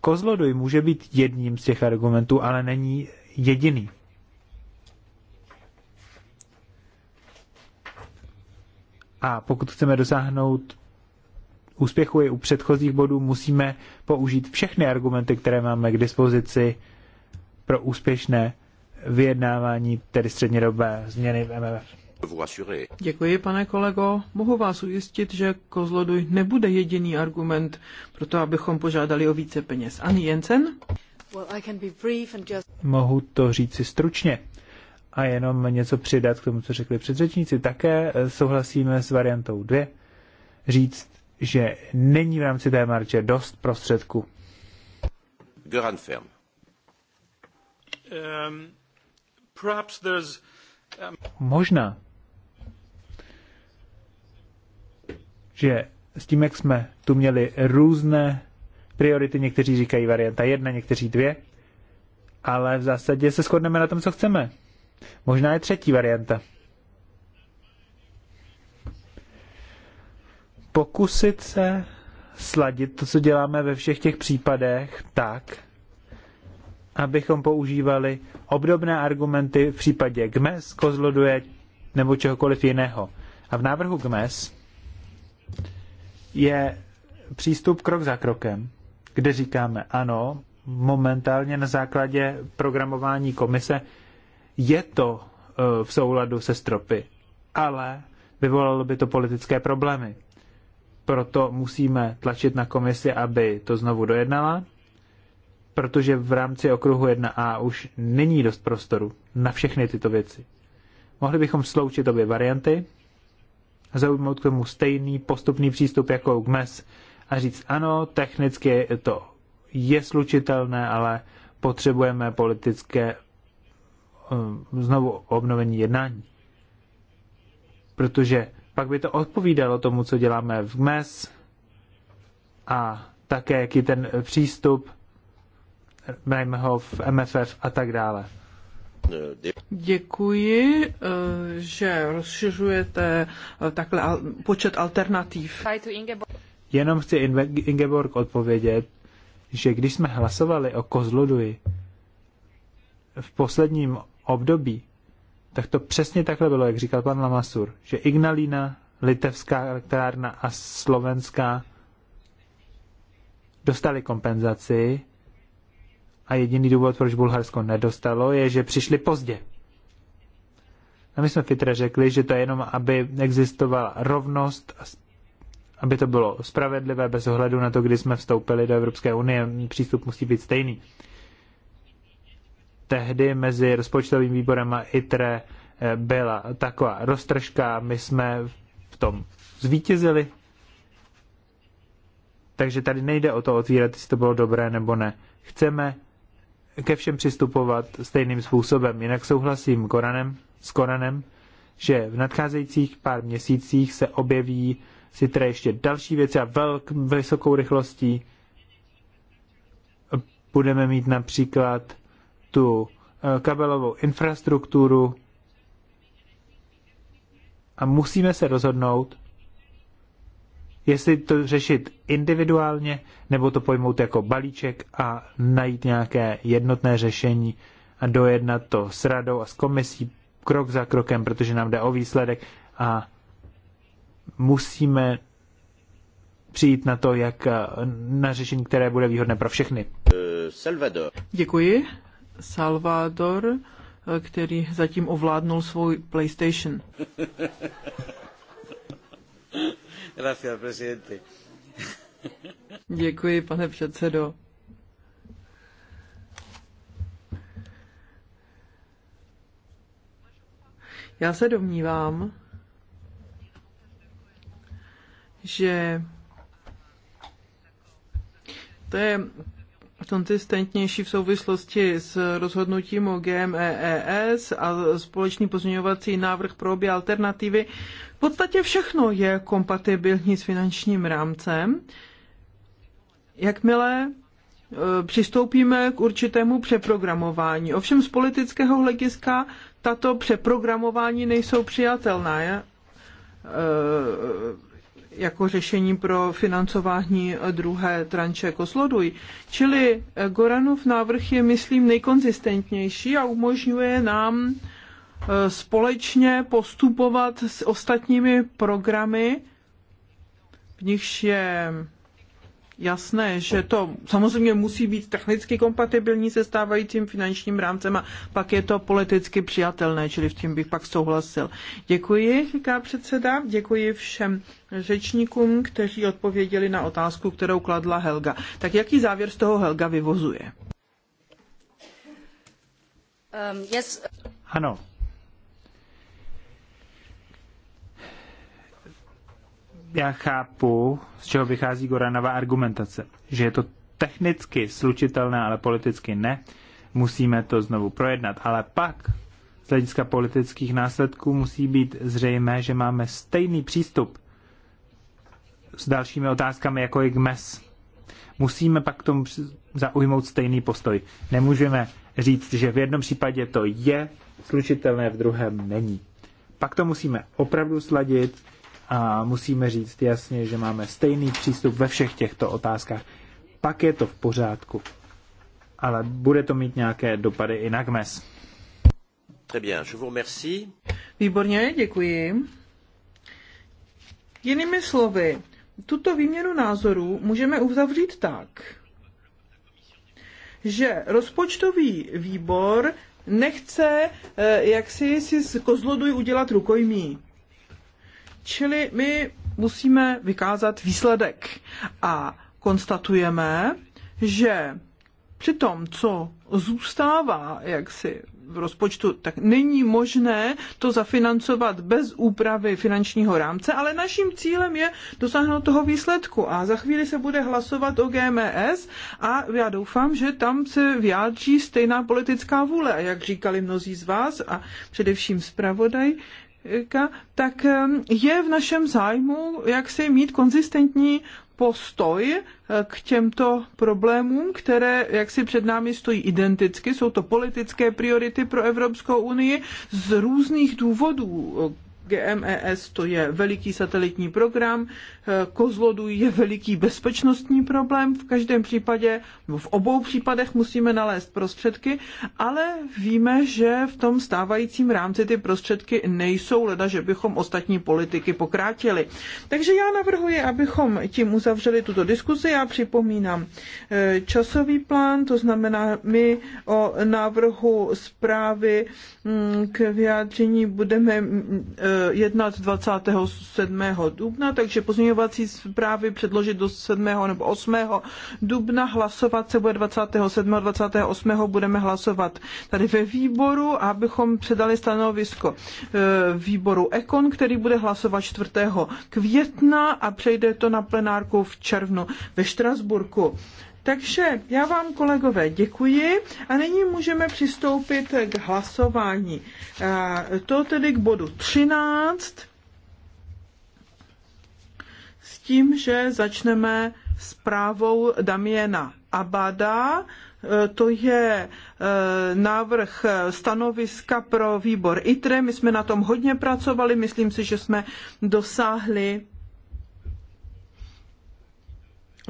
Kozloduj může být jedním z těch argumentů, ale není jediný. A pokud chceme dosáhnout úspěchu i u předchozích bodů, musíme použít všechny argumenty, které máme k dispozici pro úspěšné vyjednávání, tedy střednědobé změny v MMF. Děkuji, pane kolego. Mohu vás ujistit, že Kozloduj nebude jediný argument pro to, abychom požádali o více peněz. Ani Jensen? Mohu to říci stručně. A jenom něco přidat k tomu, co řekli předřečníci. Také eh, souhlasíme s variantou 2 říct, že není v rámci té marče dost prostředků. Göran Firm. Um, um... Možná, že s tím, jak jsme tu měli různé priority, někteří říkají varianta jedna, někteří dvě, ale v zásadě se shodneme na tom, co chceme. Možná je třetí varianta. Pokusit se sladit to, co děláme ve všech těch případech, tak, abychom používali obdobné argumenty v případě GMES, kozloduje nebo čehokoliv jiného. A v návrhu GMES je přístup krok za krokem, kde říkáme ano, momentálně na základě programování komise je to eh, v souladu se stropy, ale vyvolalo by to politické problémy. Proto musíme tlačit na komisi, aby to znovu dojednala, protože v rámci okruhu 1a už není dost prostoru na všechny tyto věci. Mohli bychom sloučit obě varianty, zaujmout k tomu stejný postupný přístup jako k MES a říct ano, technicky to je slučitelné, ale potřebujeme politické Eh, znovu obnovení jednání. Protože pak by to odpovídalo tomu, co děláme v GMES a také, jaký ten přístup, najmä ho v MFF a tak dále. Děkuji, eh, že rozšiřujete eh, takhle počet alternativ. Jenom chci Ingeborg odpovědět, že když jsme hlasovali o Kozloduji v posledním období, tak to přesně takhle bylo, jak říkal pan Lamasur, že Ignalina, litevská elektrárna a slovenská dostali kompenzaci a jediný důvod, proč Bulharsko nedostalo, je, že přišli pozdě. A my jsme Fitre řekli, že to je jenom, aby existovala rovnost, aby to bylo spravedlivé bez ohledu na to, kdy jsme vstoupili do Evropské unie. Přístup musí být stejný tehdy mezi rozpočtovým výborem a ITRE eh, byla taková roztržka, my jsme v tom zvítězili. Takže tady nejde o to otvírat, jestli to bylo dobré nebo ne. Chceme ke všem přistupovat stejným způsobem. Jinak souhlasím Koranem, s Koranem, že v nadcházejících pár měsících se objeví si tedy ještě další věci a velk, vysokou rychlostí. Budeme mít například tu eh, kabelovou infrastrukturu a musíme se rozhodnout, jestli to řešit individuálně, nebo to pojmout jako balíček a najít nějaké jednotné řešení a dojednat to s radou a s komisí krok za krokem, protože nám jde o výsledek a musíme přijít na to, jak eh, na řešení, které bude výhodné pro všechny. Eh, Salvador. Děkuji. Salvador, který zatím ovládnul svůj PlayStation. Gracias, presidente. Děkuji, pane předsedo. Já se domnívám, že to je konzistentnější v souvislosti s rozhodnutím o GMEES a společný pozměňovací návrh pro obě alternativy. V podstatě všechno je kompatibilní s finančním rámcem. Jakmile e, přistoupíme k určitému přeprogramování. Ovšem z politického hlediska tato přeprogramování nejsou přijatelná. Je? E, jako řešení pro financování druhé tranče Kosloduj. Čili Goranův návrh je, myslím, nejkonzistentnější a umožňuje nám e, společně postupovat s ostatními programy, v nichž je jasné, že to samozřejmě musí být technicky kompatibilní se stávajícím finančním rámcem a pak je to politicky přijatelné, čili v tím bych pak souhlasil. Děkuji, říká předseda, děkuji všem řečníkům, kteří odpověděli na otázku, kterou kladla Helga. Tak jaký závěr z toho Helga vyvozuje? Um, yes. Ano, já chápu, z čeho vychází Goranova argumentace, že je to technicky slučitelné, ale politicky ne. Musíme to znovu projednat. Ale pak z hlediska politických následků musí být zřejmé, že máme stejný přístup s dalšími otázkami, jako je GMES. Musíme pak k tomu zaujmout stejný postoj. Nemůžeme říct, že v jednom případě to je slučitelné, v druhém není. Pak to musíme opravdu sladit, a musíme říct jasně, že máme stejný přístup ve všech těchto otázkách. Pak je to v pořádku, ale bude to mít nějaké dopady i na GMES. Très bien, je vous remercie. Výborně, děkuji. Jinými slovy, tuto výměnu názorů můžeme uzavřít tak, že rozpočtový výbor nechce, eh, jak si si z kozloduj udělat rukojmí. Čili my musíme vykázat výsledek a konstatujeme, že při tom, co zůstává jaksi v rozpočtu, tak není možné to zafinancovat bez úpravy finančního rámce, ale naším cílem je dosáhnout toho výsledku. A za chvíli se bude hlasovat o GMS a já doufám, že tam se vyjádří stejná politická vůle. A jak říkali mnozí z vás a především zpravodaj, tak ehm, je v našem zájmu, jak si mít konzistentní postoj eh, k těmto problémům, které jak si před námi stojí identicky. Jsou to politické priority pro Evropskou unii z různých důvodů, GMES to je veliký satelitní program, Kozlodu je veliký bezpečnostní problém, v každém případě, v obou případech musíme nalézt prostředky, ale víme, že v tom stávajícím rámci ty prostředky nejsou, leda, že bychom ostatní politiky pokrátili. Takže já navrhuji, abychom tím uzavřeli tuto diskuzi a připomínám eh, časový plán, to znamená my o návrhu zprávy mm, k vyjádření budeme mm, eh, jednat 27. dubna, takže pozměňovací zprávy předložit do 7. nebo 8. dubna, hlasovat se bude 27. a 28. budeme hlasovat tady ve výboru, abychom předali stanovisko e, výboru Ekon, který bude hlasovat 4. května a přejde to na plenárku v červnu ve Štrasburku. Takže já vám, kolegové, děkuji a nyní můžeme přistoupit k hlasování. To tedy k bodu 13 s tím, že začneme zprávou Damiena Abada, e, to je e, návrh stanoviska pro výbor ITRE. My jsme na tom hodně pracovali, myslím si, že jsme dosáhli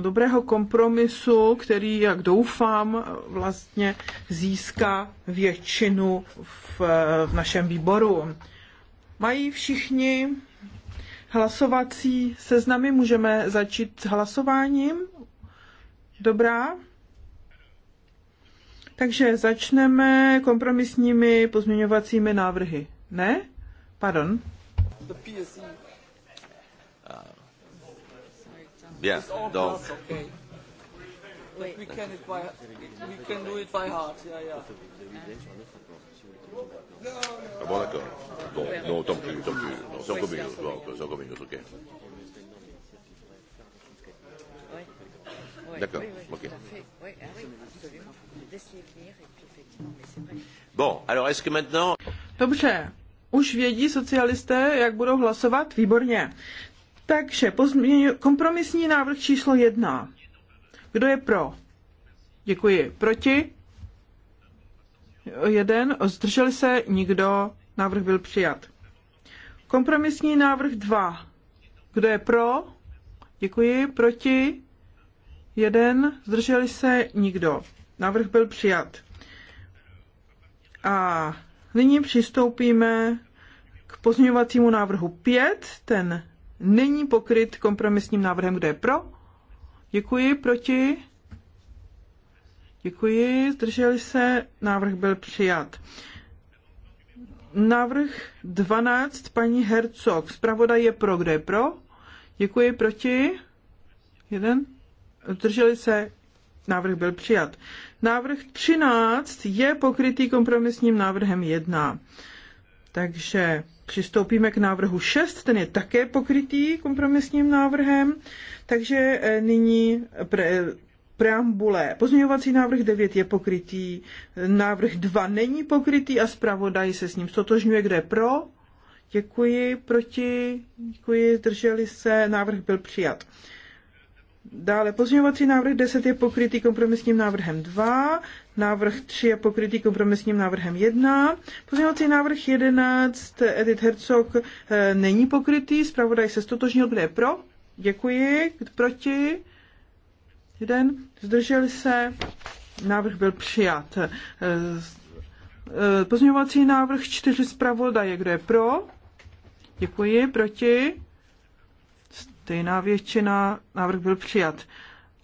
dobrého kompromisu, který, jak doufám, vlastně získá většinu v, v našem výboru. Mají všichni hlasovací seznamy, můžeme začít s hlasováním. Dobrá. Takže začneme kompromisními pozměňovacími návrhy. Ne? Pardon. The PSE. Bien, donc. Like we can it by we can do it by heart. Yeah, yeah. Ah, bon d'accord. Bon, non, tant plus, tant plus. Non, c'est encore mieux. Bon, c'est encore mieux, ok. D'accord, ok. Bon, alors est-ce que maintenant... Dobře, už vědí socialisté, jak budou hlasovat? Výborně. Takže pozměň, kompromisní návrh číslo jedna. Kdo je pro? Děkuji. Proti? Jeden. Zdržel se nikdo. Návrh byl přijat. Kompromisní návrh dva. Kdo je pro? Děkuji. Proti? Jeden. Zdrželi se nikdo. Návrh byl přijat. A nyní přistoupíme k pozměňovacímu návrhu 5. Ten není pokryt kompromisním návrhem, Kdo je pro. Děkuji, proti. Děkuji, zdrželi se, návrh byl přijat. Návrh 12, paní Hercog. Zpravodaj je pro, Kdo je pro. Děkuji, proti. Jeden. Zdrželi se, návrh byl přijat. Návrh 13 je pokrytý kompromisním návrhem 1. Takže Přistoupíme k návrhu 6, ten je také pokrytý kompromisním návrhem, takže eh, nyní pre, preambule. Pozměňovací návrh 9 je pokrytý, návrh 2 není pokrytý a zpravodaj se s ním stotožňuje, kde je pro. Děkuji, proti, děkuji, zdrželi se, návrh byl přijat. Dále pozměňovací návrh 10 je pokrytý kompromisním návrhem 2, Návrh 3 je pokrytý kompromisním návrhem 1. Pozměňovací návrh 11 Edith Herzog eh, není pokrytý. Zpravodaj se stotožnil, kde je pro. Děkuji. Proti? Jeden. Zdrželi se. Návrh byl přijat. Eh, eh, pozměňovací návrh 4 zpravodaje, kdo je pro? Děkuji. Proti? Stejná většina. Návrh byl přijat.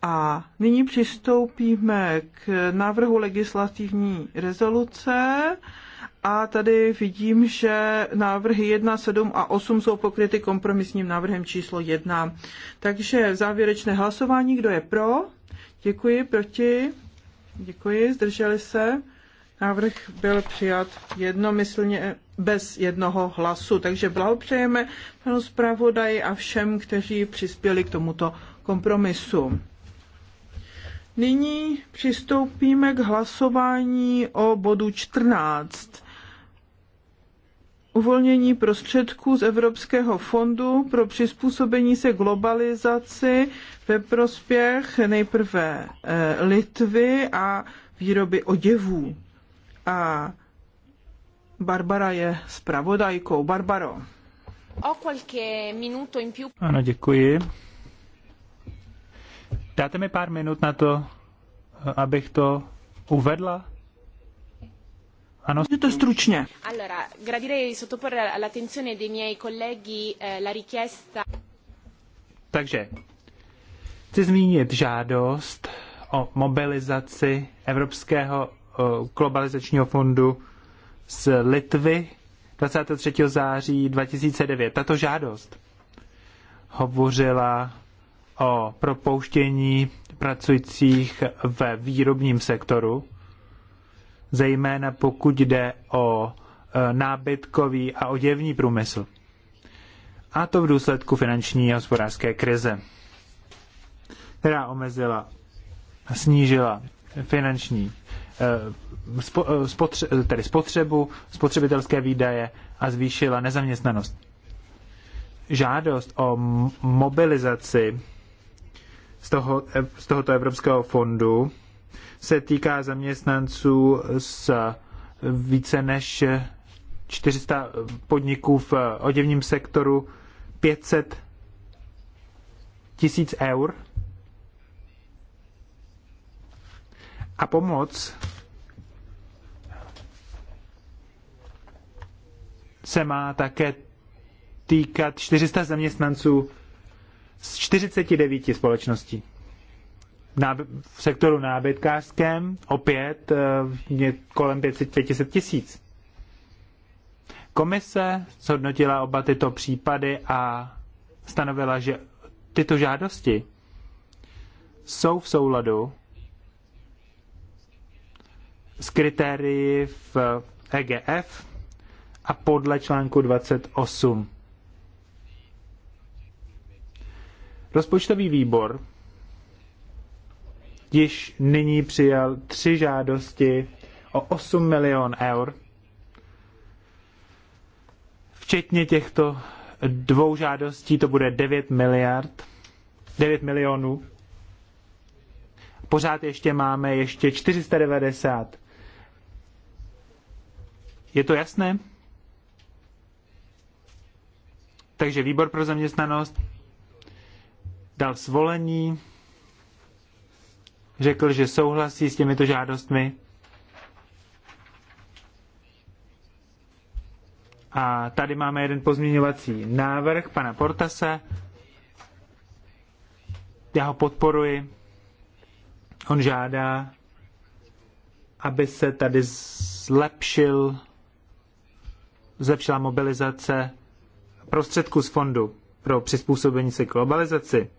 A nyní přistoupíme k návrhu legislativní rezoluce. A tady vidím, že návrhy 1, 7 a 8 jsou pokryty kompromisním návrhem číslo 1. Takže závěrečné hlasování, kdo je pro? Děkuji, proti? Děkuji, zdrželi se. Návrh byl přijat jednomyslně bez jednoho hlasu. Takže blahopřejeme panu zpravodaji a všem, kteří přispěli k tomuto kompromisu. Nyní přistoupíme k hlasování o bodu 14. Uvolnění prostředků z Evropského fondu pro přizpůsobení se globalizaci ve prospěch nejprve eh, Litvy a výroby oděvů. A Barbara je zpravodajkou. Barbaro. Ano, děkuji. Dáte mi pár minut na to, abych to uvedla? Ano. to stručně. Allora, gradirei sottoporre all'attenzione dei miei colleghi eh, la richiesta. Takže, chci zmínit žádost o mobilizaci Evropského eh, globalizačního fondu z Litvy 23. září 2009. Tato žádost hovořila o propouštění pracujících ve výrobním sektoru, zejména pokud jde o e, nábytkový a oděvní průmysl. A to v důsledku finanční a hospodářské krize, která omezila a snížila finanční e, e, tedy spotřebu, spotřebitelské výdaje a zvýšila nezaměstnanost. Žádost o mobilizaci z, toho, z tohoto Evropského fondu se týká zaměstnanců z více než 400 podniků v oděvním sektoru 500 tisíc eur. A pomoc se má také týkat 400 zaměstnanců z 49 společností. V sektoru nábytkářském opět eh, kolem 500, tisíc. Komise zhodnotila oba tyto případy a stanovila, že tyto žádosti jsou v souladu s kritérii v EGF a podle článku 28 Rozpočtový výbor již nyní přijal tři žádosti o 8 milion eur, včetně těchto dvou žádostí to bude 9 miliard, 9 milionů. Pořád ještě máme ještě 490. Je to jasné? Takže výbor pro zaměstnanost dal svolení, řekl, že souhlasí s těmito žádostmi A tady máme jeden pozměňovací návrh pana Portase. Já ho podporuji. On žádá, aby se tady zlepšil, zlepšila mobilizace prostředků z fondu pro přizpůsobení se globalizaci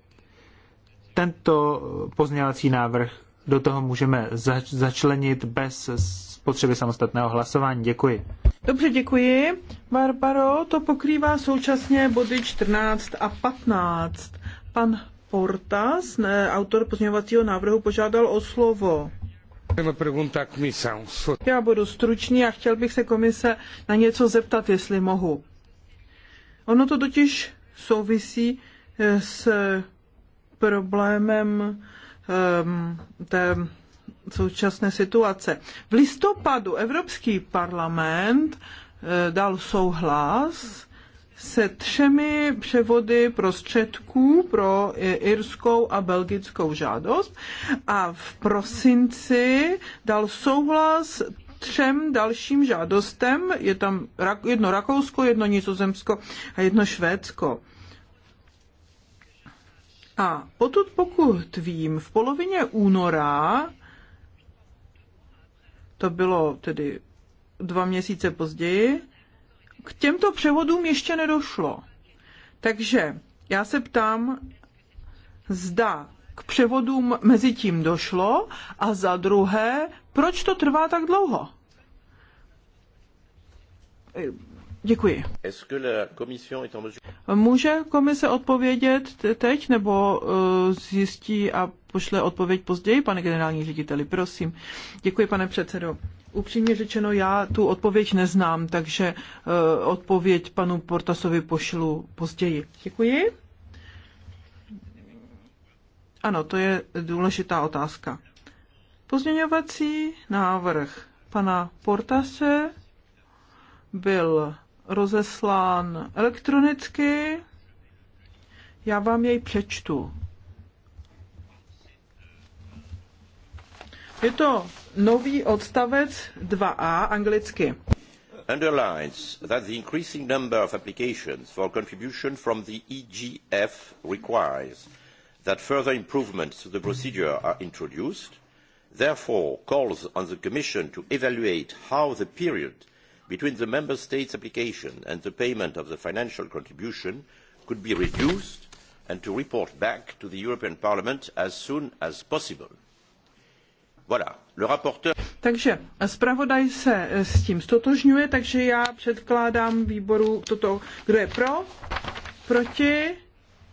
tento pozměňovací návrh do toho můžeme zač začlenit bez potřeby samostatného hlasování. Děkuji. Dobře, děkuji. Barbaro, to pokrývá současně body 14 a 15. Pan Portas, ne, autor pozměňovacího návrhu, požádal o slovo. Já budu stručný a chtěl bych se komise na něco zeptat, jestli mohu. Ono to totiž souvisí eh, s problémem um, té současné situace. V listopadu Evropský parlament eh, dal souhlas se třemi převody prostředků pro irskou a belgickou žádost a v prosinci dal souhlas třem dalším žádostem. Je tam jedno Rakousko, jedno Nizozemsko a jedno Švédsko. A potud pokud vím, v polovině února, to bylo tedy dva měsíce později, k těmto převodům ještě nedošlo. Takže já se ptám, zda k převodům mezi tím došlo a za druhé, proč to trvá tak dlouho? Děkuji. Může komise odpovědět teď, nebo eh, zjistí a pošle odpověď později, pane generální řediteli, prosím. Děkuji, pane předsedo. Upřímně řečeno, já tu odpověď neznám, takže eh, odpověď panu Portasovi pošlu později. Děkuji. Ano, to je důležitá otázka. Pozměňovací návrh pana Portase byl rozeslán elektronicky. Já vám jej přečtu. Je to nový odstavec 2a anglicky. Underlines that the increasing number of applications for contribution from the EGF requires that further improvements to the procedure are introduced, therefore calls on the Commission to evaluate how the period between the member states' application and the payment of the financial contribution could be reduced and to report back to the European Parliament as soon as possible. Voilà. Le rapporteur... Takže zpravodaj se eh, s tím stotožňuje, takže já předkládám výboru toto, kdo je pro, proti,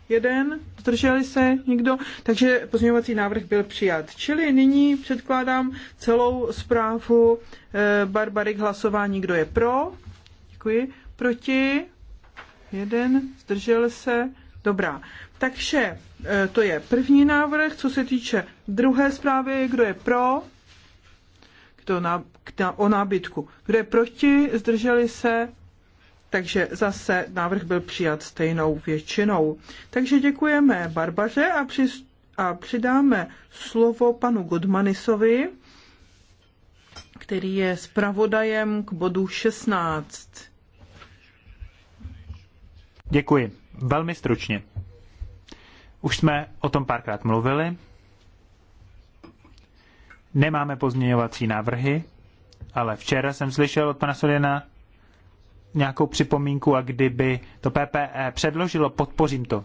jeden, zdrželi se nikdo, takže pozměňovací návrh byl přijat. Čili nyní předkládám celou zprávu eh, Barbary k hlasování, kdo je pro, děkuji, proti, jeden, zdržel se, dobrá. Takže eh, to je první návrh, co se týče druhé zprávy, kdo je pro, kdo na, kdo, o nábytku, kdo je proti, zdrželi se, takže zase návrh byl přijat stejnou většinou. Takže děkujeme Barbaře a, při, a přidáme slovo panu Godmanisovi, který je zpravodajem k bodu 16. Děkuji. Velmi stručně. Už jsme o tom párkrát mluvili. Nemáme pozměňovací návrhy, ale včera jsem slyšel od pana Solina, nějakou připomínku a kdyby to PPE předložilo, podpořím to.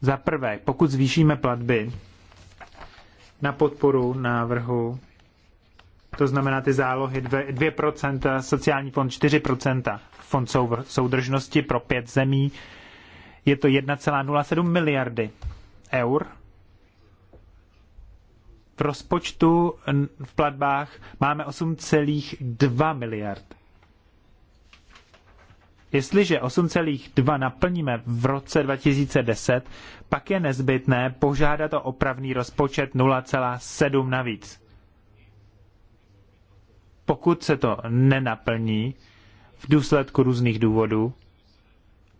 Za prvé, pokud zvýšíme platby na podporu návrhu, to znamená ty zálohy 2%, sociální fond 4%, fond soudržnosti pro pět zemí, je to 1,07 miliardy eur v rozpočtu v platbách máme 8,2 miliard. Jestliže 8,2 naplníme v roce 2010, pak je nezbytné požádat o opravný rozpočet 0,7 navíc. Pokud se to nenaplní v důsledku různých důvodů,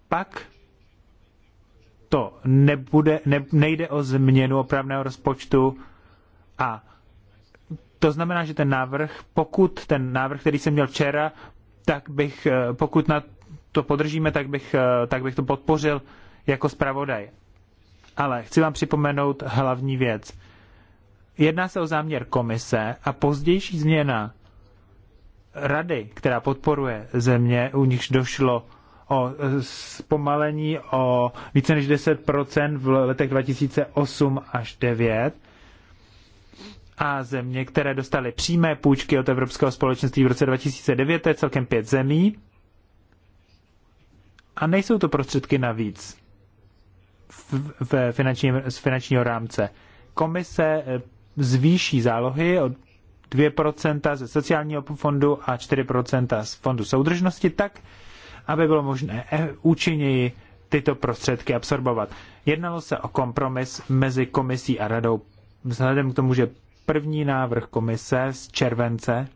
pak to nebude, ne, nejde o změnu opravného rozpočtu, a to znamená, že ten návrh, pokud ten návrh, který jsem měl včera, tak bych, eh, pokud na to podržíme, tak bych, eh, tak bych to podpořil jako zpravodaj. Ale chci vám připomenout hlavní věc. Jedná se o záměr komise a pozdější změna rady, která podporuje země, u nichž došlo o eh, zpomalení o více než 10% v letech 2008 až 9 a země, které dostaly přímé půjčky od Evropského společenství v roce 2009, to je celkem pět zemí. A nejsou to prostředky navíc v, finanční, z finančního rámce. Komise eh, zvýší zálohy o 2% ze sociálního fondu a 4% z fondu soudržnosti tak, aby bylo možné eh, účinněji tyto prostředky absorbovat. Jednalo se o kompromis mezi komisí a radou vzhledem k tomu, že první návrh komise z července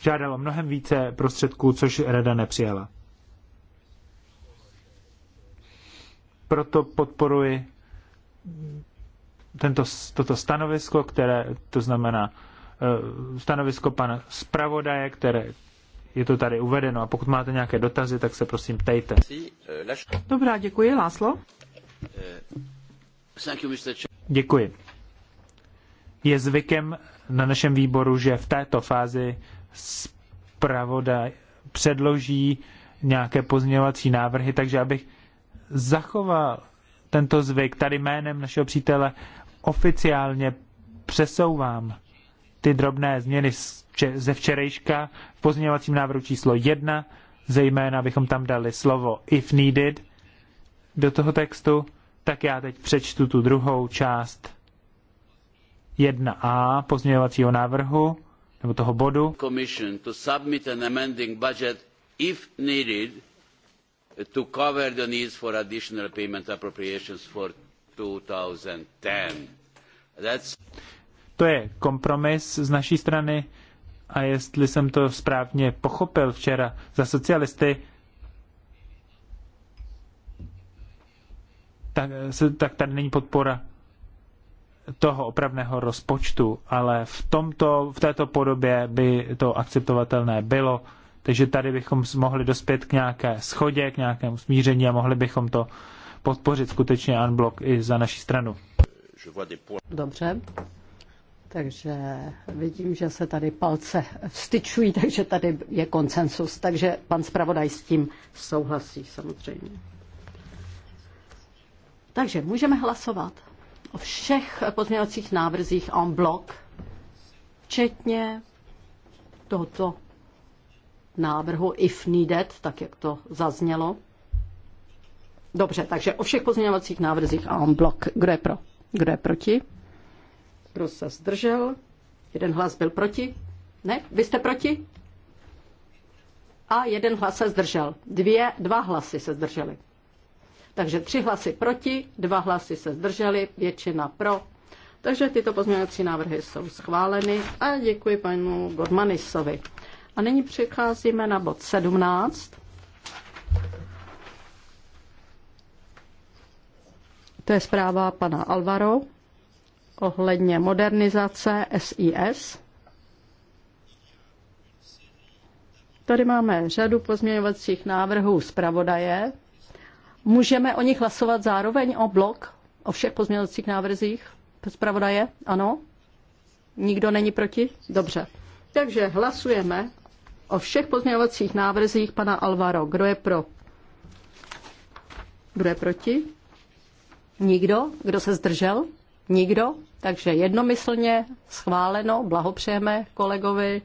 žádalo mnohem více prostředků, což rada nepřijala. Proto podporuji tento, toto stanovisko, které to znamená eh, stanovisko pana zpravodaje, které je to tady uvedeno. A pokud máte nějaké dotazy, tak se prosím ptejte. Dobrá, děkuji, Láslo. Eh, Děkuji. Je zvykem na našem výboru, že v této fázi zpravodaj předloží nějaké pozměňovací návrhy, takže abych zachoval tento zvyk, tady jménem našeho přítele oficiálně přesouvám ty drobné změny ze včerejška v pozměňovacím návrhu číslo 1, zejména abychom tam dali slovo if needed do toho textu tak já teď přečtu tu druhou část 1a pozměňovacího návrhu, nebo toho bodu. to to cover the needs for additional payment appropriations for 2010. That's... To je kompromis z naší strany a jestli jsem to správně pochopil včera za socialisty, tak, tak tady není podpora toho opravného rozpočtu, ale v, tomto, v této podobě by to akceptovatelné bylo. Takže tady bychom mohli dospět k nějaké schodě, k nějakému smíření a mohli bychom to podpořit skutečně unblock i za naší stranu. Dobře. Takže vidím, že se tady palce vstyčují, takže tady je konsensus. Takže pan zpravodaj s tím souhlasí samozřejmě. Takže můžeme hlasovat o všech pozměňovacích návrzích en bloc, včetně tohoto návrhu if needed, tak jak to zaznělo. Dobře, takže o všech pozměňovacích návrzích a on blok. Kdo je pro? Kdo je proti? Kdo se zdržel? Jeden hlas byl proti? Ne? Vy jste proti? A jeden hlas se zdržel. Dvě, dva hlasy se zdržely. Takže tři hlasy proti, dva hlasy se zdrželi, většina pro. Takže tyto pozměňovací návrhy jsou schváleny a děkuji panu Godmanisovi. A nyní přicházíme na bod 17. To je zpráva pana Alvaro ohledně modernizace SIS. Tady máme řadu pozměňovacích návrhů zpravodaje. Můžeme o nich hlasovat zároveň o blok, o všech pozměňovacích návrzích zpravodaje? Ano? Nikdo není proti? Dobře. Takže hlasujeme o všech pozměňovacích návrzích pana Alvaro. Kdo je pro? Kdo je proti? Nikdo? Kdo se zdržel? Nikdo? Takže jednomyslně schváleno, blahopřejeme kolegovi.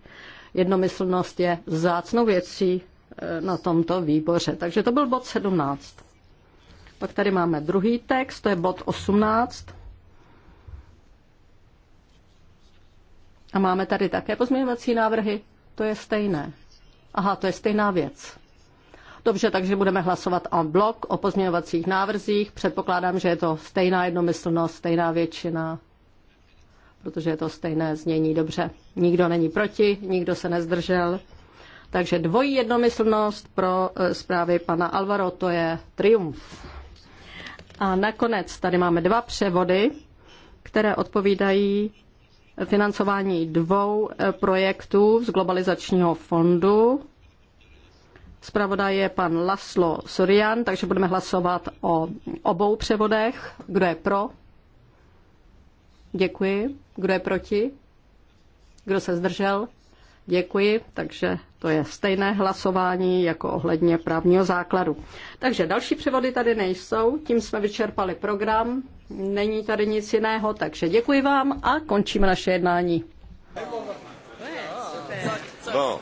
Jednomyslnost je zácnou věcí eh, na tomto výboře. Takže to byl bod 17. Pak tady máme druhý text, to je bod 18. A máme tady také pozměňovací návrhy, to je stejné. Aha, to je stejná věc. Dobře, takže budeme hlasovat en blok o pozměňovacích návrzích. Předpokládám, že je to stejná jednomyslnost, stejná většina, protože je to stejné znění. Dobře, nikdo není proti, nikdo se nezdržel. Takže dvojí jednomyslnost pro eh, zprávy pana Alvaro, to je triumf. A nakonec tady máme dva převody, které odpovídají financování dvou eh, projektů z globalizačního fondu. Zpravodaj je pan Laslo Surian, takže budeme hlasovat o obou převodech. Kdo je pro? Děkuji. Kdo je proti? Kdo se zdržel? Děkuji, takže to je stejné hlasování jako ohledně právního základu. Takže další převody tady nejsou, tím jsme vyčerpali program, není tady nic jiného, takže děkuji vám a končíme naše jednání. No.